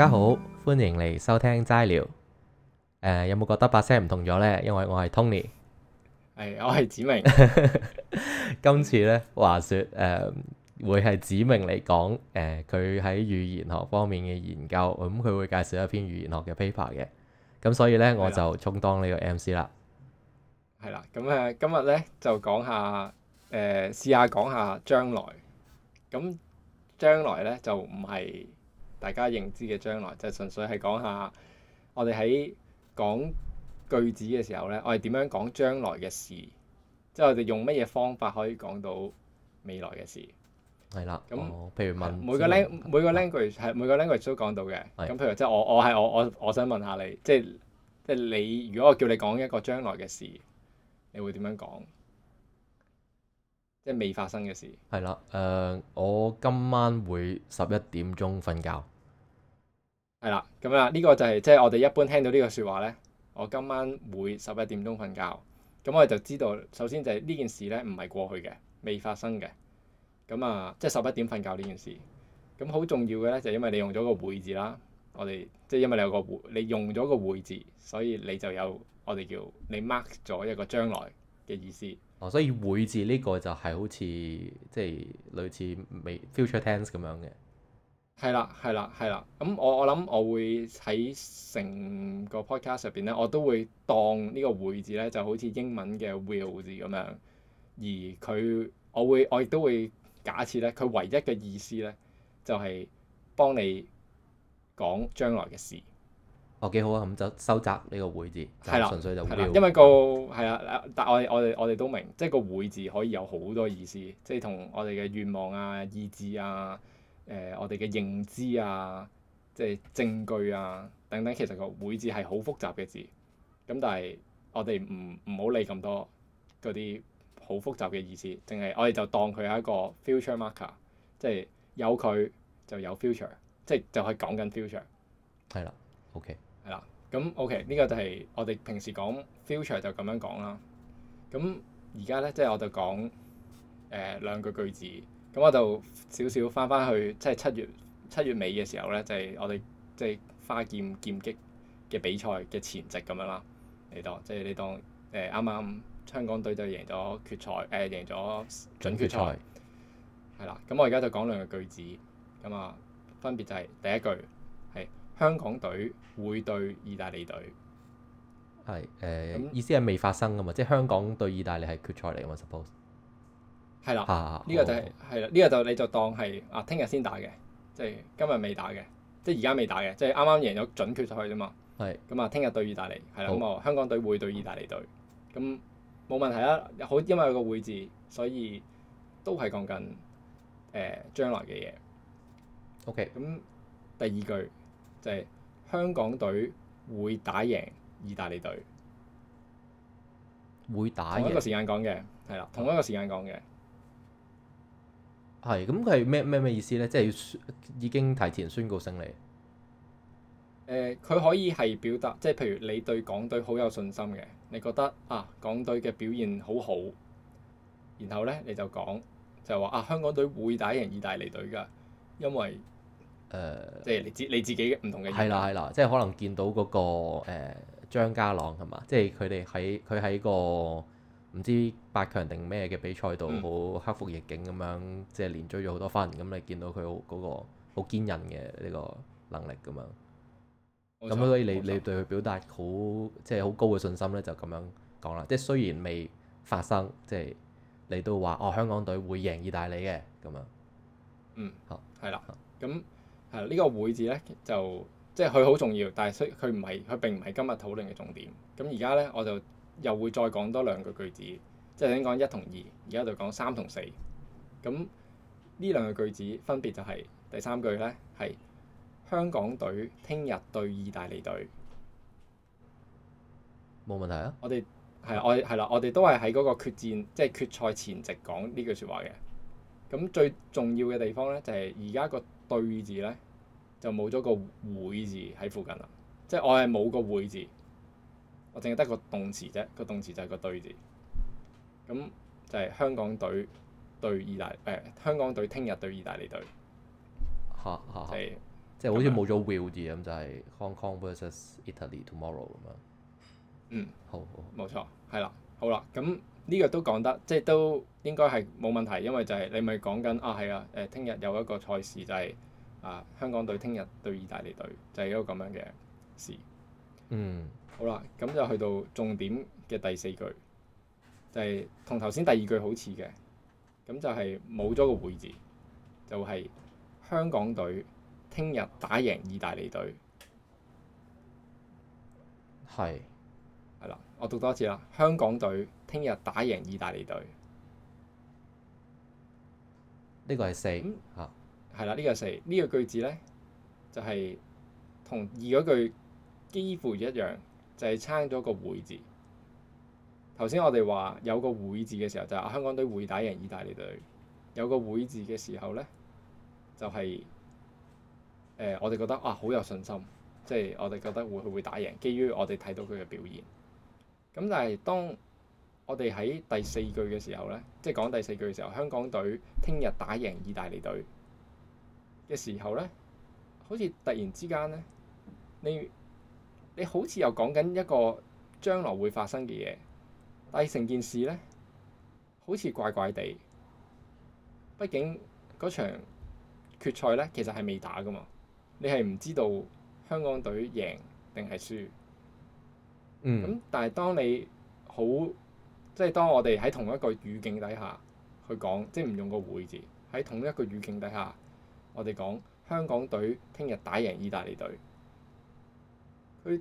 大家好，歡迎嚟收聽齋聊。誒，有冇覺得把聲唔同咗呢？因為我係 Tony，係我係梓明。今次呢，話說誒，會係梓明嚟講誒，佢喺語言學方面嘅研究，咁佢會介紹一篇語言學嘅 paper 嘅。咁所以呢，我就充當呢個 MC 啦。係啦，咁誒，今日呢就講下，誒，試下講下將來。咁將來呢就唔係。大家認知嘅將來，就純粹係講下我哋喺講句子嘅時候呢，我哋點樣講將來嘅事，即係我哋用乜嘢方法可以講到未來嘅事。係啦的，咁那、哦、譬如問的每個 language，的每個 language 係每個 language 都講到嘅。咁的譬如即係我，我係我，我我想問下你，即係即係你，如果我叫你講一個將來嘅事，你會點樣講？即係未發生嘅事。係啦，誒、呃，我今晚會十一點鐘瞓覺。係啦，咁啊，呢個就係、是、即係我哋一般聽到呢個説話呢，我今晚會十一點鐘瞓覺。咁我就知道，首先就係呢件事呢，唔係過去嘅，未發生嘅。咁啊，即係十一點瞓覺呢件事。咁好重要嘅呢，就係因為你用咗個會字啦，我哋即係因為你有個會，你用咗個會字，所以你就有我哋叫你 mark 咗一個將來嘅意思。哦，oh, 所以會字呢個就係好似即係類似未 future tense 咁樣嘅，係啦係啦係啦。咁我我諗我會喺成個 podcast 入邊咧，我都會當呢個會字咧就好似英文嘅 will 字咁樣，而佢我會我亦都會假設咧，佢唯一嘅意思咧就係、是、幫你講將來嘅事。哦，幾好啊！咁就收窄呢個會字，係啦，就純粹就因為個係啊，但我哋我哋我哋都明，即係個會字可以有好多意思，即係同我哋嘅願望啊、意志啊、誒、呃、我哋嘅認知啊、即係證據啊等等，其實個會字係好複雜嘅字。咁但係我哋唔唔好理咁多嗰啲好複雜嘅意思，淨係我哋就當佢係一個 future marker，即係有佢就有 future，即係就可以講緊 future。係啦，OK。咁 OK，呢個就係我哋平時講 future 就咁樣講啦。咁而家呢，即係我就講誒兩句句子。咁我就少少翻返去，即係七月七月尾嘅時候呢，就係我哋即係花劍劍擊嘅比賽嘅前夕咁樣啦。就係你當，即係你當誒啱啱香港隊就贏咗決賽，誒贏咗準決賽。係啦，咁我而家就講兩個句子咁啊，分別就係第一句。香港隊會對意大利隊，係誒、呃、那意思係未發生噶嘛？即係香港對意大利係決賽嚟嘅嘛？Suppose 係啦，呢的、啊、個就係係啦，呢、啊這個就你就當係啊，聽日先打嘅，即係今日未打嘅，即係而家未打嘅，即係啱啱贏咗準決賽啫嘛。係咁啊，聽日對意大利係啦，咁啊好香港隊會對意大利隊，咁冇問題啦。好，因為有個會字，所以都係講緊誒、呃、將來嘅嘢。OK，咁第二句。就係香港隊會打贏意大利隊，會打贏同一個時間講嘅，係啦，同一個時間講嘅，係咁佢係咩咩咩意思咧？即係要已經提前宣告勝利。誒、呃，佢可以係表達，即係譬如你對港隊好有信心嘅，你覺得啊，港隊嘅表現好好，然後咧你就講就話啊，香港隊會打贏意大利隊㗎，因為。誒，即係你自你自己嘅唔同嘅係啦係啦，即係可能見到嗰個誒張家朗係嘛，即係佢哋喺佢喺個唔知八強定咩嘅比賽度，好克服逆境咁樣，即係連追咗好多分，咁你見到佢好嗰個好堅韌嘅呢個能力咁樣，咁所以你你對佢表達好即係好高嘅信心咧，就咁樣講啦。即係雖然未發生，即係你都話哦，香港隊會贏意大利嘅咁樣。嗯，好，係啦，咁。係呢個會字咧，就即係佢好重要，但係雖佢唔係佢並唔係今日討論嘅重點。咁而家咧，我就又會再講多兩句句子，即係頭先講一同二。而家就講三同四。咁呢兩句句子分別就係、是、第三句咧，係香港隊聽日對意大利隊。冇問題啊！我哋係我係啦，我哋都係喺嗰個決戰，即、就、係、是、決賽前夕講呢句説話嘅。咁最重要嘅地方咧，就係而家個。對字咧，就冇咗個會字喺附近啦，即係我係冇個會字，我淨係得個動詞啫，個動詞就係個對字。咁就係香港隊對意大，誒、哎、香港隊聽日對意大利隊。嚇嚇。即係即係好似冇咗 will 字咁，就係 Hong Kong versus Italy tomorrow 咁樣。嗯，好好，冇錯，係啦，好啦，咁。呢個都講得，即係都應該係冇問題，因為就係你咪講緊啊，係啊，誒，聽日有一個賽事就係啊，香港隊聽日對意大利隊，就係一個咁樣嘅事。嗯。好啦，咁就去到重點嘅第四句，就係同頭先第二句好似嘅，咁就係冇咗個會字，就係香港隊聽日打贏意大利隊。係。係啦，我讀多次啦，香港隊，聽日打贏意大利隊，呢個係四嚇啦。呢、嗯嗯這個四呢、這個句子咧，就係、是、同二嗰句幾乎一樣，就係差咗個會字。頭先我哋話有個會字嘅時候，就係、是、香港隊會打贏意大利隊。有個會字嘅時候咧，就係、是、誒、呃、我哋覺得哇好、啊、有信心，即、就、係、是、我哋覺得會佢會打贏，基於我哋睇到佢嘅表現。咁但係當我哋喺第四句嘅時候咧，即係講第四句嘅時候，香港隊聽日打贏意大利隊嘅時候咧，好似突然之間咧，你你好似又講緊一個將來會發生嘅嘢，但係成件事咧好似怪怪地。畢竟嗰場決賽咧，其實係未打㗎嘛，你係唔知道香港隊贏定係輸。嗯。噉但係當你好。即係當我哋喺同一個語境底下去講，即係唔用個會字喺同一個語境底下我，我哋講香港隊聽日打贏意大利隊，佢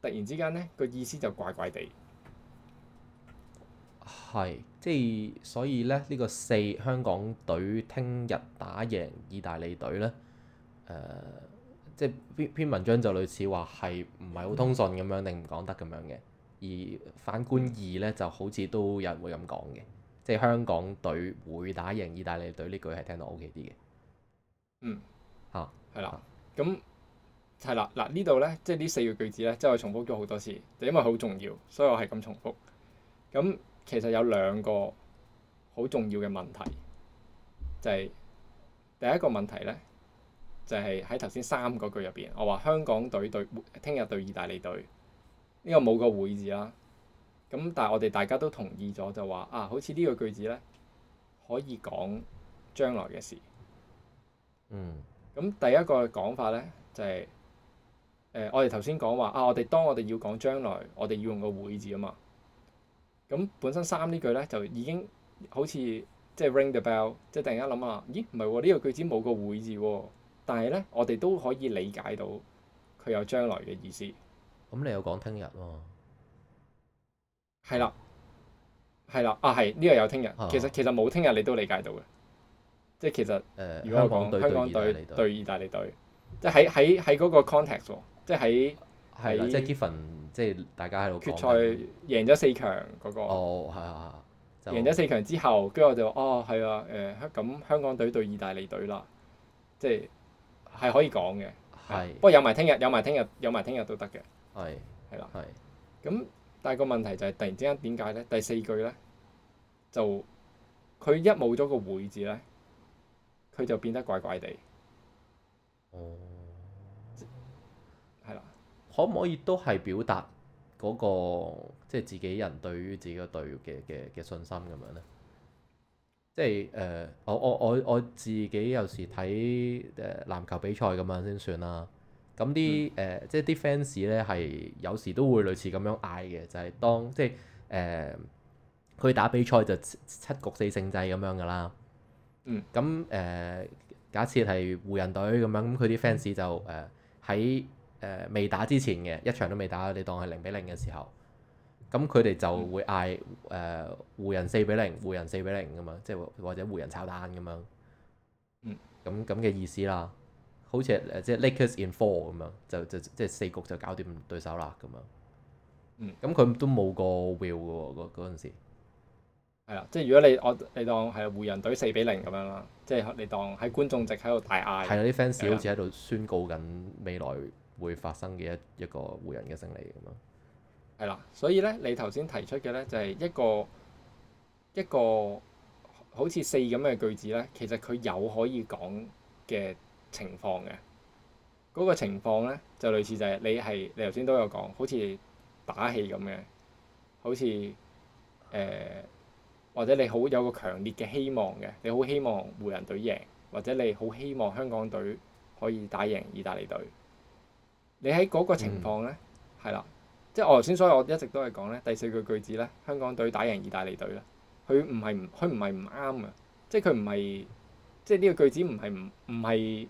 突然之間咧個意思就怪怪地。係，即係所以咧呢、這個四香港隊聽日打贏意大利隊咧，誒、呃，即係篇篇文章就類似話係唔係好通順咁樣，定唔講得咁樣嘅。而反觀二咧，就好似都有人會咁講嘅，即係香港隊會打贏意大利隊呢句係聽到 OK 啲嘅。嗯。吓、啊，係啦，咁係啦，嗱呢度咧，即係呢四個句子咧，即係我重複咗好多次，就因為好重要，所以我係咁重複。咁其實有兩個好重要嘅問題，就係、是、第一個問題咧，就係喺頭先三個句入邊，我話香港隊對，聽日對意大利隊。呢個冇個會字啦，咁但係我哋大家都同意咗就話啊，好似呢個句子咧，可以講將來嘅事。嗯。咁第一個講法咧就係，誒我哋頭先講話啊，我哋當我哋要講將來，我哋要用個會字啊嘛。咁本身三呢句咧就已經好似即係 ring the bell，即係突然間諗下，咦唔係喎，呢個句子冇個會字喎，但係咧我哋都可以理解到佢有將來嘅意思。咁你有講聽日喎？係啦，係啦，啊係，呢個有聽日。其實其實冇聽日，你都理解到嘅，即係其實誒，如果我講香港香港隊對意大利隊，即係喺喺喺嗰個 context 即係喺係啦，即係啲份即係大家喺度講。決賽贏咗四強嗰個哦，係啊，贏咗四強之後，跟住我就哦係啊誒，咁香港隊對意大利隊啦，即係係可以講嘅，不過有埋聽日，有埋聽日，有埋聽日都得嘅。係，係啦。係。咁但係個問題就係突然之間點解咧？第四句咧就佢一冇咗個會字咧，佢就變得怪怪地。哦。係啦，可唔可以都係表達嗰個即係自己人對於自己個隊嘅嘅嘅信心咁樣咧？即係誒，我我我我自己有時睇誒籃球比賽咁樣先算啦。咁啲誒，即係啲 fans 咧係有時都會類似咁樣嗌嘅，就係、是、當即係誒，佢、呃、打比賽就七局四勝制咁樣㗎啦。嗯。咁誒、呃，假設係湖人隊咁樣，咁佢啲 fans 就誒喺誒未打之前嘅一場都未打，你當係零比零嘅時候，咁佢哋就會嗌誒湖人四比零，湖人四比零咁樣，即係或者湖人炒蛋咁樣。嗯。咁咁嘅意思啦。好似誒即、就、係、是、Lakers in four 咁樣，就就即係、就是、四局就搞掂對手啦咁樣。嗯。咁佢都冇個 Will 嘅喎，嗰嗰陣時。係啊，即係如果你我你當係湖人隊四比零咁樣啦，嗯、即係你當喺觀眾席喺度大嗌。係啊，啲 fans 好似喺度宣告緊未來會發生嘅一一個湖人嘅勝利咁樣。係啦，所以咧，你頭先提出嘅咧就係、是、一個一個好似四咁嘅句子咧，其實佢有可以講嘅。情況嘅嗰、嗰個情況咧，就類似就係你係你頭先都有講，好似打氣咁嘅，好似誒、呃、或者你好有個強烈嘅希望嘅，你好希望湖人隊贏，或者你好希望香港隊可以打贏意大利隊。你喺嗰個情況咧，係啦、嗯，即係我頭先，所以我一直都係講咧第四句句，句子咧，香港隊打贏意大利隊啦。佢唔係唔佢唔係唔啱呀，即係佢唔係即係呢個句子唔係唔唔係。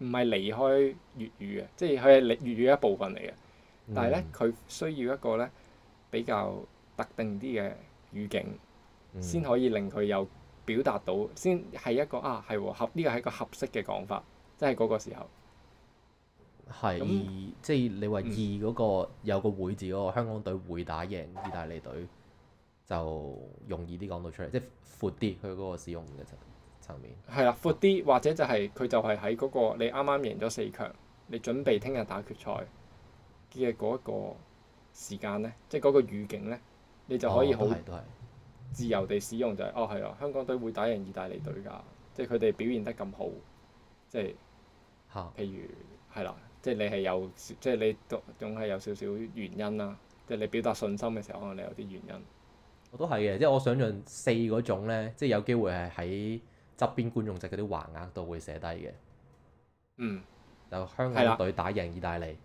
唔係離開粵語嘅，即係佢係粵語一部分嚟嘅。但係咧，佢、嗯、需要一個咧比較特定啲嘅語境，先、嗯、可以令佢有表達到，先係一個啊係合呢個係一個合適嘅講法，即係嗰個時候。係是，那即係你話二嗰個、嗯、有個會字嗰、嗰個香港隊會打贏意大利隊，就容易啲講到出嚟，即係闊啲佢嗰個使用嘅實。係啦，闊啲或者就係、是、佢就係喺嗰個你啱啱贏咗四強，你準備聽日打決賽嘅嗰一個時間咧，即係嗰個語境咧，你就可以好自由地使用就係哦係啊、哦，香港隊會打贏意大利隊㗎，嗯、即係佢哋表現得咁好，即係譬如係啦，即係你係有即係你都總係有少少原因啦，即係你表達信心嘅時候，可能你有啲原因。我都係嘅，即係我想象四嗰種咧，即係有機會係喺。側邊觀眾席嗰啲橫額都會寫低嘅，嗯，由香港隊打贏意大利，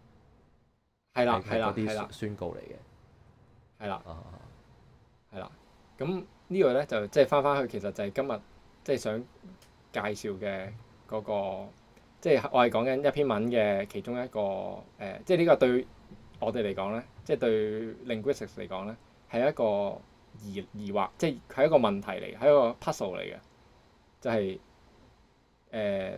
係啦，係啦，係啦，宣告嚟嘅，係啦，係啦，啊。咁呢個咧就即係翻翻去，其實就係今日即係想介紹嘅嗰個，即係我係講緊一篇文嘅其中一個誒，即係呢個對我哋嚟講咧，即係對 linguistics 嚟講咧，係一個疑疑惑，即係佢係一個問題嚟，係一個 puzzle 嚟嘅。就係誒，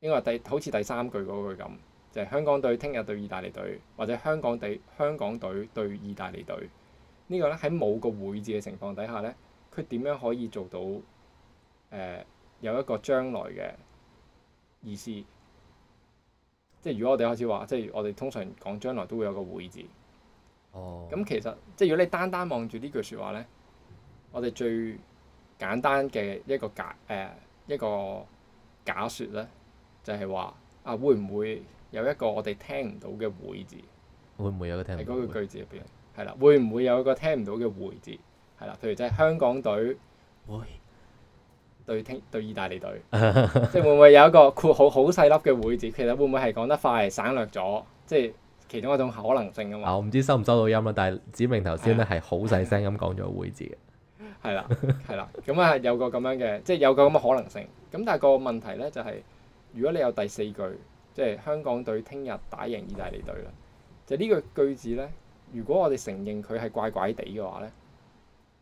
應該話第好似第三句嗰句咁，就係香港隊聽日對意大利隊，或者香港隊香港隊對，對意大利隊，呢個咧喺冇個會字嘅情況底下咧，佢點樣可以做到誒有一個將來嘅意思？即係如果我哋開始話，即係我哋通常講將來都會有個會字。哦。咁其實即係如果你單單望住呢句説話咧，我哋最簡單嘅一個假誒、呃、一個假説咧，就係話啊，會唔會有一個我哋聽唔到嘅會字？會唔會有個聽？喺嗰個句子入邊，係啦，會唔會有一個聽唔到嘅會字？係啦，譬如就係香港隊會對聽對意大利隊，即係會唔會有一個括號好細粒嘅會字？其實會唔會係講得快，省略咗，即係其中一種可能性啊嘛。啊我唔知收唔收到音啦，但係梓明頭先咧係好細聲咁講咗會字嘅。係啦，係啦， 咁啊有個咁樣嘅，即係有個咁嘅可能性。咁但係個問題咧就係、是，如果你有第四句，即係香港隊聽日打贏意大利隊啦，就呢、是、句句子咧，如果我哋承認佢係怪怪地嘅話咧，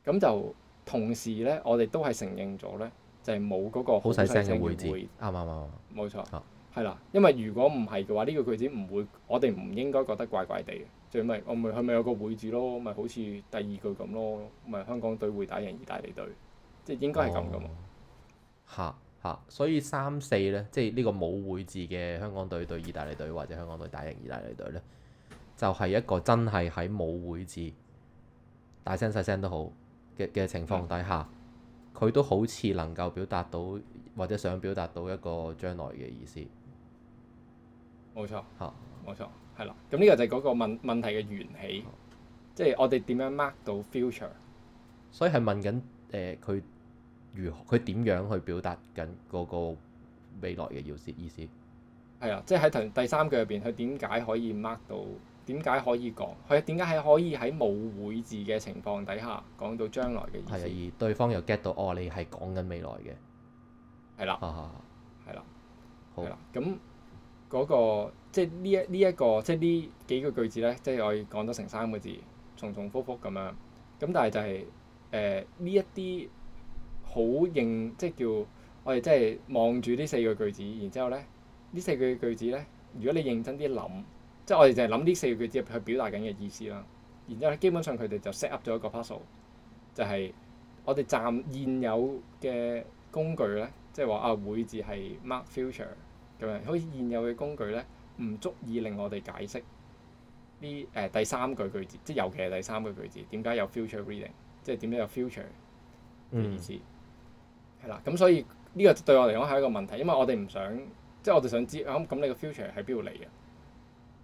咁就同時咧，我哋都係承認咗咧，就係冇嗰個好細聲嘅會字，啱啱啱，冇錯，係啦、啊。因為如果唔係嘅話，呢個句，句子唔會，我哋唔應該覺得怪怪地。最咪，我咪係咪有個會字咯，咪好似第二句咁咯，咪香港隊會打贏意大利隊，即係應該係咁噶嘛？嚇，所以三四咧，即係呢個冇會字嘅香港隊對意大利隊，或者香港隊打贏意大利隊咧，就係、是、一個真係喺冇會字，大聲細聲好、嗯、都好嘅嘅情況底下，佢都好似能夠表達到或者想表達到一個將來嘅意思。冇錯。嚇是，冇錯。係啦，咁呢個就係嗰個問問題嘅緣起，即係我哋點樣 mark 到 future。所以係問緊誒，佢、呃、如何，佢點樣去表達緊嗰個未來嘅要思？意思係啊，即係喺第三句入邊，佢點解可以 mark 到？點解可以講？佢點解係可以喺冇會字嘅情況底下講到將來嘅意思？係啊，而對方又 get 到哦，你係講緊未來嘅，係啦，係啦，好啦，咁。嗰、那個即係呢一呢一個即係呢幾個句，句子咧，即係我哋講咗成三個字，重重覆覆咁樣。咁但係就係誒呢一啲好認，即係叫我哋即係望住呢四個句，句子，然之後咧呢四句句子咧，如果你認真啲諗，即係我哋就係諗呢四個句，句子去表達緊嘅意思啦。然之後咧，基本上佢哋就 set up 咗一個 puzzle 就係我哋暫現有嘅工具咧，即係話啊會字係 mark future。咁樣，好似現有嘅工具咧，唔足以令我哋解釋呢誒、呃、第三句句子，即係尤其係第三句句子點解有 future reading，即係點解有 future 嘅意思？係啦、嗯，咁所以呢個對我嚟講係一個問題，因為我哋唔想，即係我哋想知啊，咁你個 future 係邊度嚟嘅？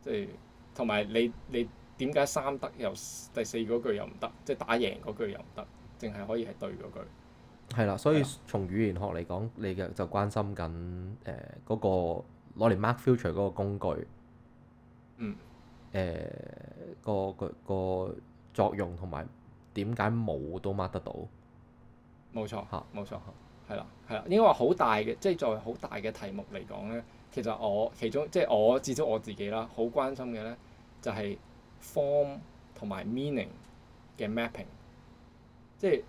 即係同埋你你點解三得又第四嗰句又唔得？即係打贏嗰句又唔得，淨係可以係對嗰句。係啦，所以從語言學嚟講，你嘅就關心緊誒嗰個攞嚟 mark future 嗰個工具，嗯、呃，誒、個個個作用同埋點解冇都 mark 得到？冇錯嚇，冇錯嚇，係啦，係啦，應該話好大嘅，即係作為好大嘅題目嚟講咧，其實我其中即係我至少我自己啦，好關心嘅咧就係 form 同埋 meaning 嘅 mapping，即係。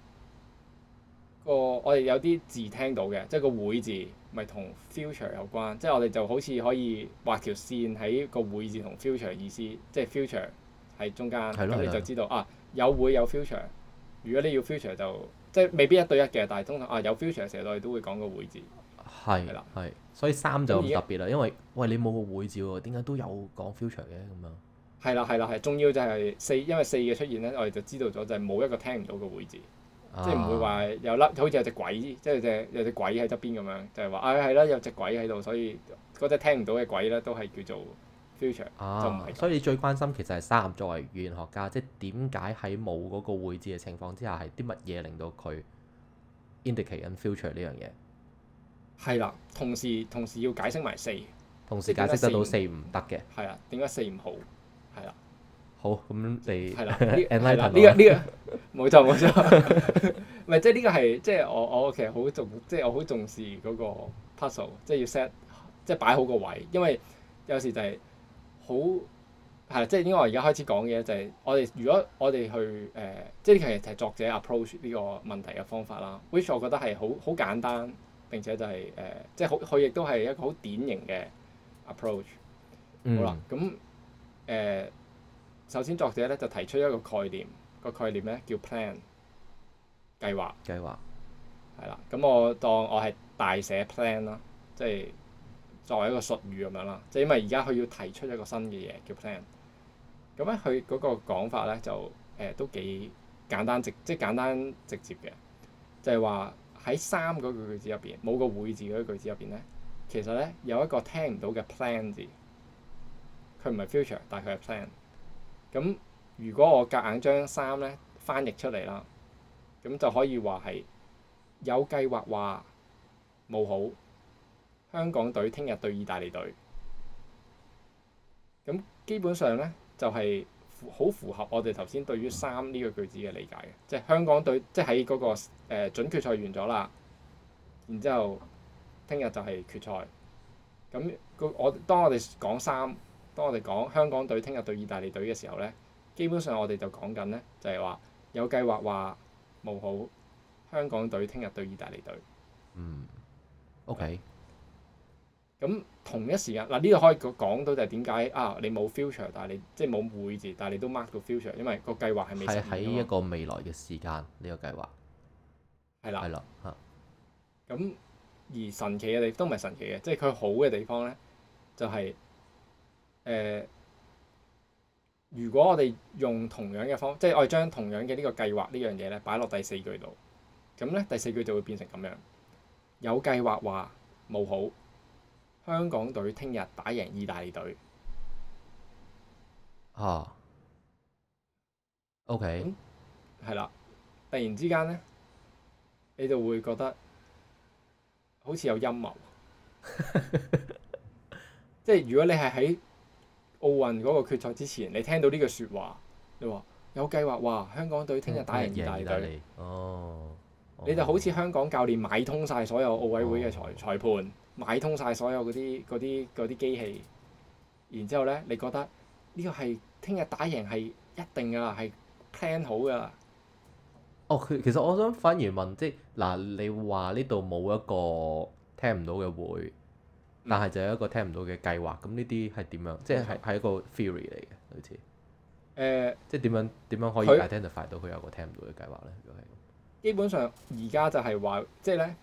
個我哋有啲字聽到嘅，即係個會字，咪同 future 有關。即係我哋就好似可以畫條線喺個會字同 future 嘅意思，即係 future 喺中間，咁的你就知道的啊，有會有 future。如果你要 future 就即係未必一對一嘅，但係通常啊有 future 成日我哋都會講個會字。係的。係啦的，係。所以三就咁特別啦，因為喂，你冇個會字喎，點解都有講 future 嘅咁樣？係啦，係啦，係。重要就係四，因為四嘅出現咧，我哋就知道咗就係、是、冇一個聽唔到個會字。啊、即係唔會話有粒好似有隻鬼，即係有隻鬼喺側邊咁樣，就係話啊係啦，有隻鬼喺度、就是啊，所以嗰隻聽唔到嘅鬼咧都係叫做 future、啊。就唔係啊，所以最關心其實係三作為語言學家，即係點解喺冇嗰個會字嘅情況之下係啲乜嘢令到佢 indicate 緊 future 呢樣嘢？係啦，同時同時要解釋埋四，同時解釋得到四唔得嘅，係啊，點解四唔好？係啊。好，咁你係啦，呢、這個呢、 這個冇錯冇錯，唔、這、係、個 這個、即係呢個係即係我我其實好重即係我好重視嗰個 puzzle，即係要 set 即係擺好個位，因為有時就係好係啦即係因為我而家開始講嘢就係我哋如果我哋去誒、呃，即係其實係作者 approach 呢個問題嘅方法啦，which 我覺得係好好簡單並且就係、是、誒、呃、即係好佢亦都係一個好典型嘅 approach。嗯、好啦，咁誒。呃首先，作者咧就提出一個概念，個概念咧叫 plan 計劃計劃，係啦，咁我當我係大寫 plan 啦，即係作為一個術語咁樣啦。即係因為而家佢要提出一個新嘅嘢叫 plan 那那。咁咧，佢嗰個講法咧就誒都幾簡單直，即係簡單直接嘅，就係話，喺三嗰個句子入邊，冇個會字嗰啲句子入邊咧，其實咧有一個聽唔到嘅 plan 字，佢唔係 future，但佢係 plan。咁如果我夾硬將三咧翻譯出嚟啦，咁就可以話係有計劃話冇好香港隊聽日對意大利隊。咁基本上咧就係好符合我哋頭先對於三呢個句子嘅理解嘅，即係香港隊即係喺嗰個誒準決賽完咗啦，然之後聽日就係決賽。咁個我當我哋講三。當我哋講香港隊聽日對意大利隊嘅時候呢，基本上我哋就講緊呢，就係話有計劃話冇好香港隊聽日對意大利隊。嗯。OK。咁同一時間嗱，呢度可以講到就係點解啊？你冇 future，但係你即係冇會字，但係你都 mark 個 future，因為個計劃係未。係喺一個未來嘅時間呢個計劃。係啦。係啦。咁而神奇嘅地方都唔係神奇嘅，即係佢好嘅地方呢，就係。誒、呃，如果我哋用同樣嘅方，即係我哋將同樣嘅呢個計劃呢樣嘢咧擺落第四句度，咁咧第四句就會變成咁樣，有計劃話冇好，香港隊聽日打贏意大利隊。嚇？OK，係啦，突然之間咧，你就會覺得好似有陰謀， 即係如果你係喺。奧運嗰個決賽之前，你聽到呢句説話，你話有計劃話，哇！香港隊聽日打贏意大利隊，哦哦、你就好似香港教練買通晒所有奧委會嘅裁裁判，哦、買通晒所有嗰啲嗰啲嗰啲機器，然之後咧，你覺得呢個係聽日打贏係一定噶啦，係 plan 好噶啦。哦，其實我想反而問，即、就、嗱、是，你話呢度冇一個聽唔到嘅會。但係就有一個聽唔到嘅計劃，咁呢啲係點樣？即係係係一個 theory 嚟嘅，類似。誒、呃，即係點樣點樣可以 identify 到佢有個聽唔到嘅計劃咧？如果係基本上而家就係話，即係咧，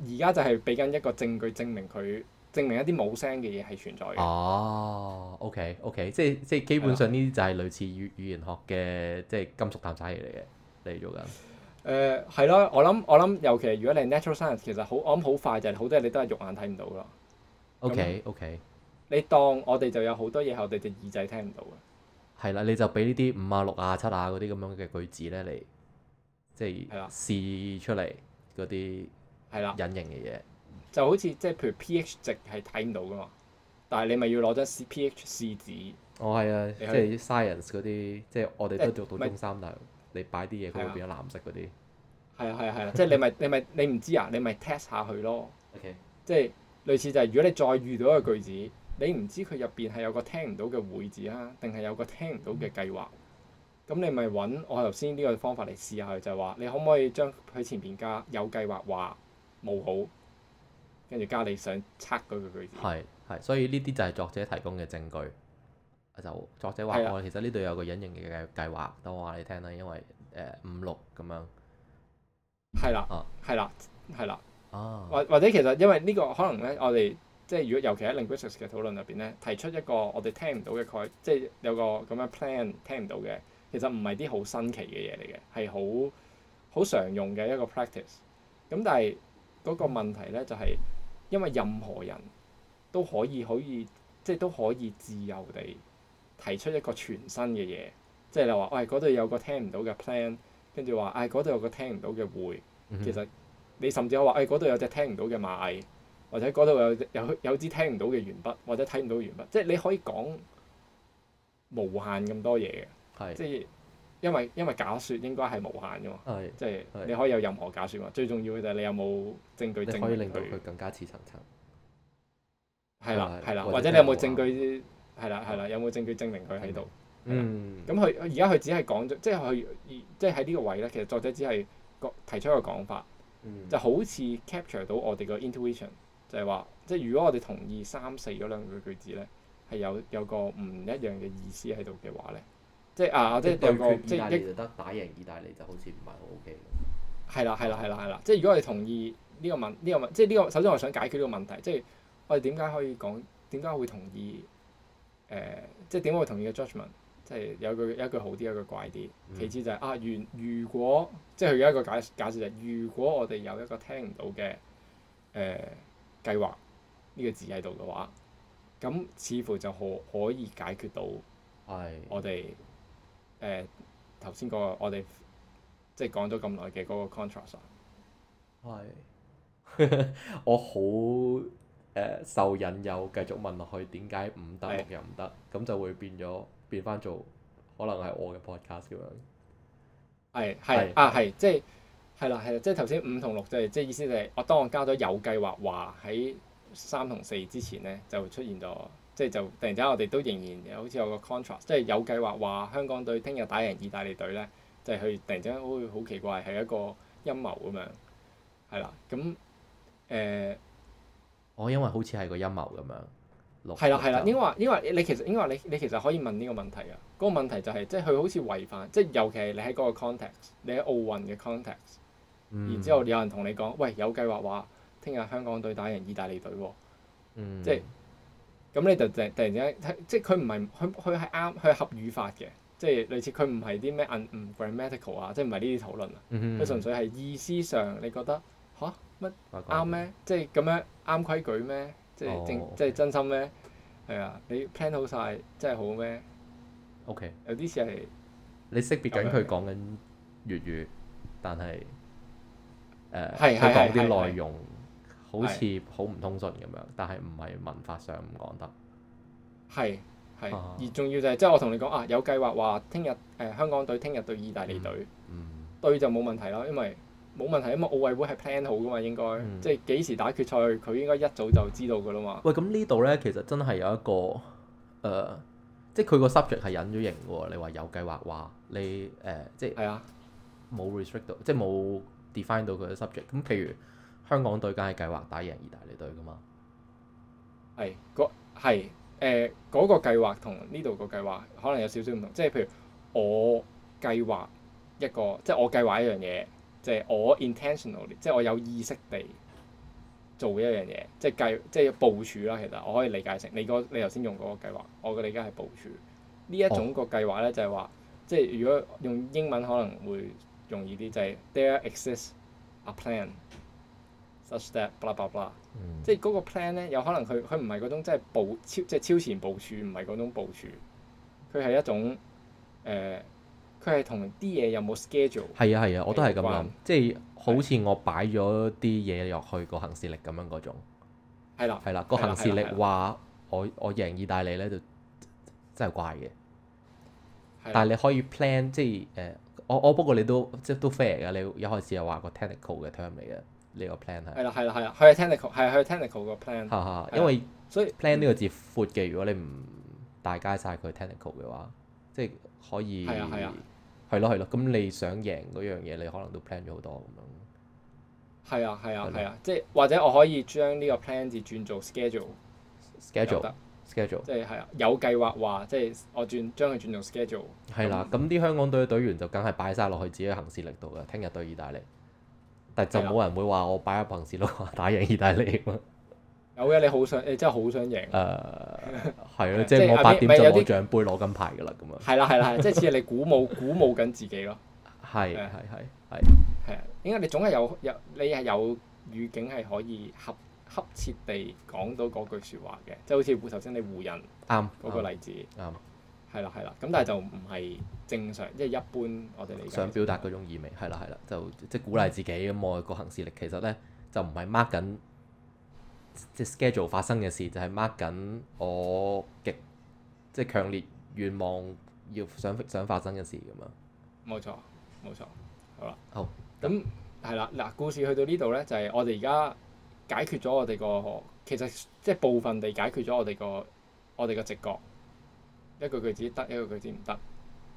而家就係俾緊一個證據證明佢證明一啲冇聲嘅嘢係存在嘅。哦、啊，OK OK，即係即係基本上呢啲就係類似語語言學嘅的即係金屬探測器嚟嘅嚟做緊。誒係咯，我諗我諗，尤其如果你係 natural science，其實好我諗好快就係好多嘢你都係肉眼睇唔到㗎。OK，OK。你當我哋就有好多嘢係我哋隻耳仔聽唔到嘅。係啦 okay,，你就俾呢啲五啊六啊七啊嗰啲咁樣嘅句子咧，你即係試出嚟嗰啲係啦隱形嘅嘢，就好似即係譬如 PH 值係睇唔到噶嘛，但係你咪要攞張 PH 試紙。哦，係啊，即係 science 嗰啲，即係我哋都讀到中三啦。你擺啲嘢佢會變咗藍色嗰啲，係啊係啊係啊，即係你咪你咪你唔知啊，啊啊 你咪 test 下佢咯。即係 Okay. 類似就係如果你再遇到一個句子，你唔知佢入邊係有個聽唔到嘅會字啊，定係有個聽唔到嘅計劃，咁你咪揾我頭先呢個方法嚟試下佢，就係話你可唔可以將佢前邊加有計劃話冇好，跟住加你想測嗰個句子。係係，所以呢啲就係作者提供嘅證據。就作者話過，是啊、其實呢度有個隱形嘅計計劃等我話你聽啦。因為誒五六咁樣係啦，係啦，係啦、啊，或、啊啊、或者其實因為呢個可能咧，我哋即係如果尤其喺 linguistics 嘅討論入邊咧，提出一個我哋聽唔到嘅概，即、就、係、是、有個咁嘅 plan 聽唔到嘅，其實唔係啲好新奇嘅嘢嚟嘅，係好好常用嘅一個 practice。咁但係嗰個問題咧，就係因為任何人都可以可以即係、就是、都可以自由地提出一個全新嘅嘢，即係你話，喂、哎，嗰度有個聽唔到嘅 plan，跟住話，唉、哎，嗰度有個聽唔到嘅會，嗯、哼其實你甚至可以話，唉、哎，嗰度有隻聽唔到嘅螞蟻，或者嗰度有有有支聽唔到嘅鉛筆，或者睇唔到鉛筆，即係你可以講無限咁多嘢嘅，即係是因為因為假説應該係無限嘅嘛，是即係你可以有任何假説嘛。最重要嘅就係你有冇證據證明佢更加似層層，係啦，係啦，或者你有冇證據？係啦，係啦，有冇證據證明佢喺度？嗯，咁佢而家佢只係講咗，即係佢，即係喺呢個位咧。其實作者只係提出一個講法，就好似 capture 到我哋個 intuition，就係話，即係如果我哋同意三四嗰兩句句子咧，係有有個唔一樣嘅意思喺度嘅話咧，即係啊，即係對決意大利就得，打贏意大利就好似唔係好 OK。係啦，係啦，係啦，係啦，即係如果我哋同意呢個問呢個問，即係呢個首先我想解決呢個問題，即係我哋點解可以講點解會同意？誒，uh, 即係點會同意嘅 judgement，即係有一句一句好啲，一句怪啲。嗯、其次就係、是、啊，如如果即係佢有一個解解釋就係、是，如果我哋有一個聽唔到嘅誒、呃、計劃呢、呢個字喺度嘅話，咁似乎就可可以解決到我哋誒頭先嗰個我哋即係講咗咁耐嘅嗰個 contrast。是 我好。誒受引誘繼續問落去，點解五得六又唔得？咁就會變咗變翻做可能係我嘅 podcast 咁樣。係係啊，係即係係啦係啦，即係頭先五同六就係即係意思就係我當我加咗有計劃話喺三同四之前呢，就出現咗，即係就突然之間我哋都仍然好似有個 contrast，即係有計劃話香港隊聽日打贏意大利隊呢，就去突然之間會好奇怪係一個陰謀咁樣，係啦。咁誒。我、哦、因為好似係個陰謀咁樣，係啦係啦，應該話應該你其實應該話你其實可以問呢個問題啊！嗰、那個問題就係、是、即係佢好似違反，即係尤其係你喺嗰個 context，你喺奧運嘅 context，然、嗯、之後有人同你講：喂，有計劃話聽日香港隊打贏意大利隊喎、哦，嗯、即係咁你就突然之間即係佢唔係佢佢係啱佢係合語法嘅，即係類似佢唔係啲咩 ungrammatical 啊，ical, 即係唔係呢啲討論啊，佢、嗯、純粹係意思上你覺得。嚇乜啱咩？即係咁樣啱規矩咩？即係正即係真心咩？係啊，你 plan 好晒，真係好咩？OK。有啲事係你識別緊佢講緊粵語，但係誒佢講啲內容好似好唔通順咁樣，但係唔係文法上唔講得。係係，而仲要就係即係我同你講啊，有計劃話聽日誒香港隊聽日對意大利隊，對就冇問題咯，因為。冇問題啊嘛，奧委會係 plan 好噶嘛，應該、嗯、即係幾時打決賽，佢應該一早就知道噶啦嘛。喂，咁呢度咧，其實真係有一個誒、呃，即係佢個 subject 係隱咗形嘅喎。你話有計劃話，你誒、呃、即係冇 restrict 到，啊、即係冇 define 到佢嘅 subject。咁譬如香港隊梗係計劃打贏意大利隊噶嘛？係嗰，係誒嗰個計劃同呢度個計劃可能有少少唔同，即係譬如我計劃一個，即係我計劃一樣嘢。即係我 intentionally，即係我有意識地做一樣嘢，即係計，即係部署啦。其實我可以理解成你個你頭先用嗰個計劃，我嘅理解係部署。呢一種個計劃咧就係話，即係如果用英文可能會容易啲，就係 there exists a plan such that blah blah blah。即係嗰個 plan 咧，有可能佢佢唔係嗰種即係部超即係超前部署，唔係嗰種部署。佢係一種誒。呃佢係同啲嘢有冇 schedule？係啊係啊，我都係咁諗，即係好似我擺咗啲嘢入去個行事力咁樣嗰種。係啦係啦，個行事力話我我贏意大利咧就真係怪嘅。但係你可以 plan 即係誒，我我不過你都即係都 fair 嘅。你一開始又話個 technical 嘅 term 嚟嘅，呢個 plan 係？係啦係啦係啦，佢係 technical 係佢係 technical 個 plan。因為所以 plan 呢個字闊嘅，如果你唔大街晒佢 technical 嘅話，即係可以係咯係咯，咁你想贏嗰樣嘢，你可能都 plan 咗好多咁樣。係啊係啊係啊，即係或者我可以將呢個 plan 字轉做 schedule，schedule，schedule，得即係係啊，有計劃話，即係我轉將佢轉做 schedule 的。係啦樣，咁啲香港隊隊員就梗係擺晒落去自己嘅行事曆度嘅，聽日對意大利，但就冇人會話我擺入行事曆度打贏意大利的。 有嘅，你好想，你真係好想贏。誒，係啊，即係我八點就攞獎杯、攞金牌㗎啦，咁樣。係啦，係啦，即係似你鼓舞、鼓舞緊自己咯。係係係係係啊！因為你總係有有，你係有語境係可以恰恰切地講到嗰句説話嘅，即係好似頭先你湖人啱嗰個例子啱。係啦，係啦，咁但係就唔係正常，即係一般我哋嚟想表達嗰種意味。係啦，係啦，就即係鼓勵自己咁外國行事力，其實咧就唔係 mark 緊。即係 schedule 發生嘅事，就係、是、mark 緊，我極即係強烈願望要想想發生嘅事咁樣。冇錯，冇錯。好啦。好。咁係啦，嗱，故事去到呢度咧，就係、是、我哋而家解決咗我哋個其實即係、就是、部分地解決咗我哋個我哋個直覺，一個句子得，一個句子唔得。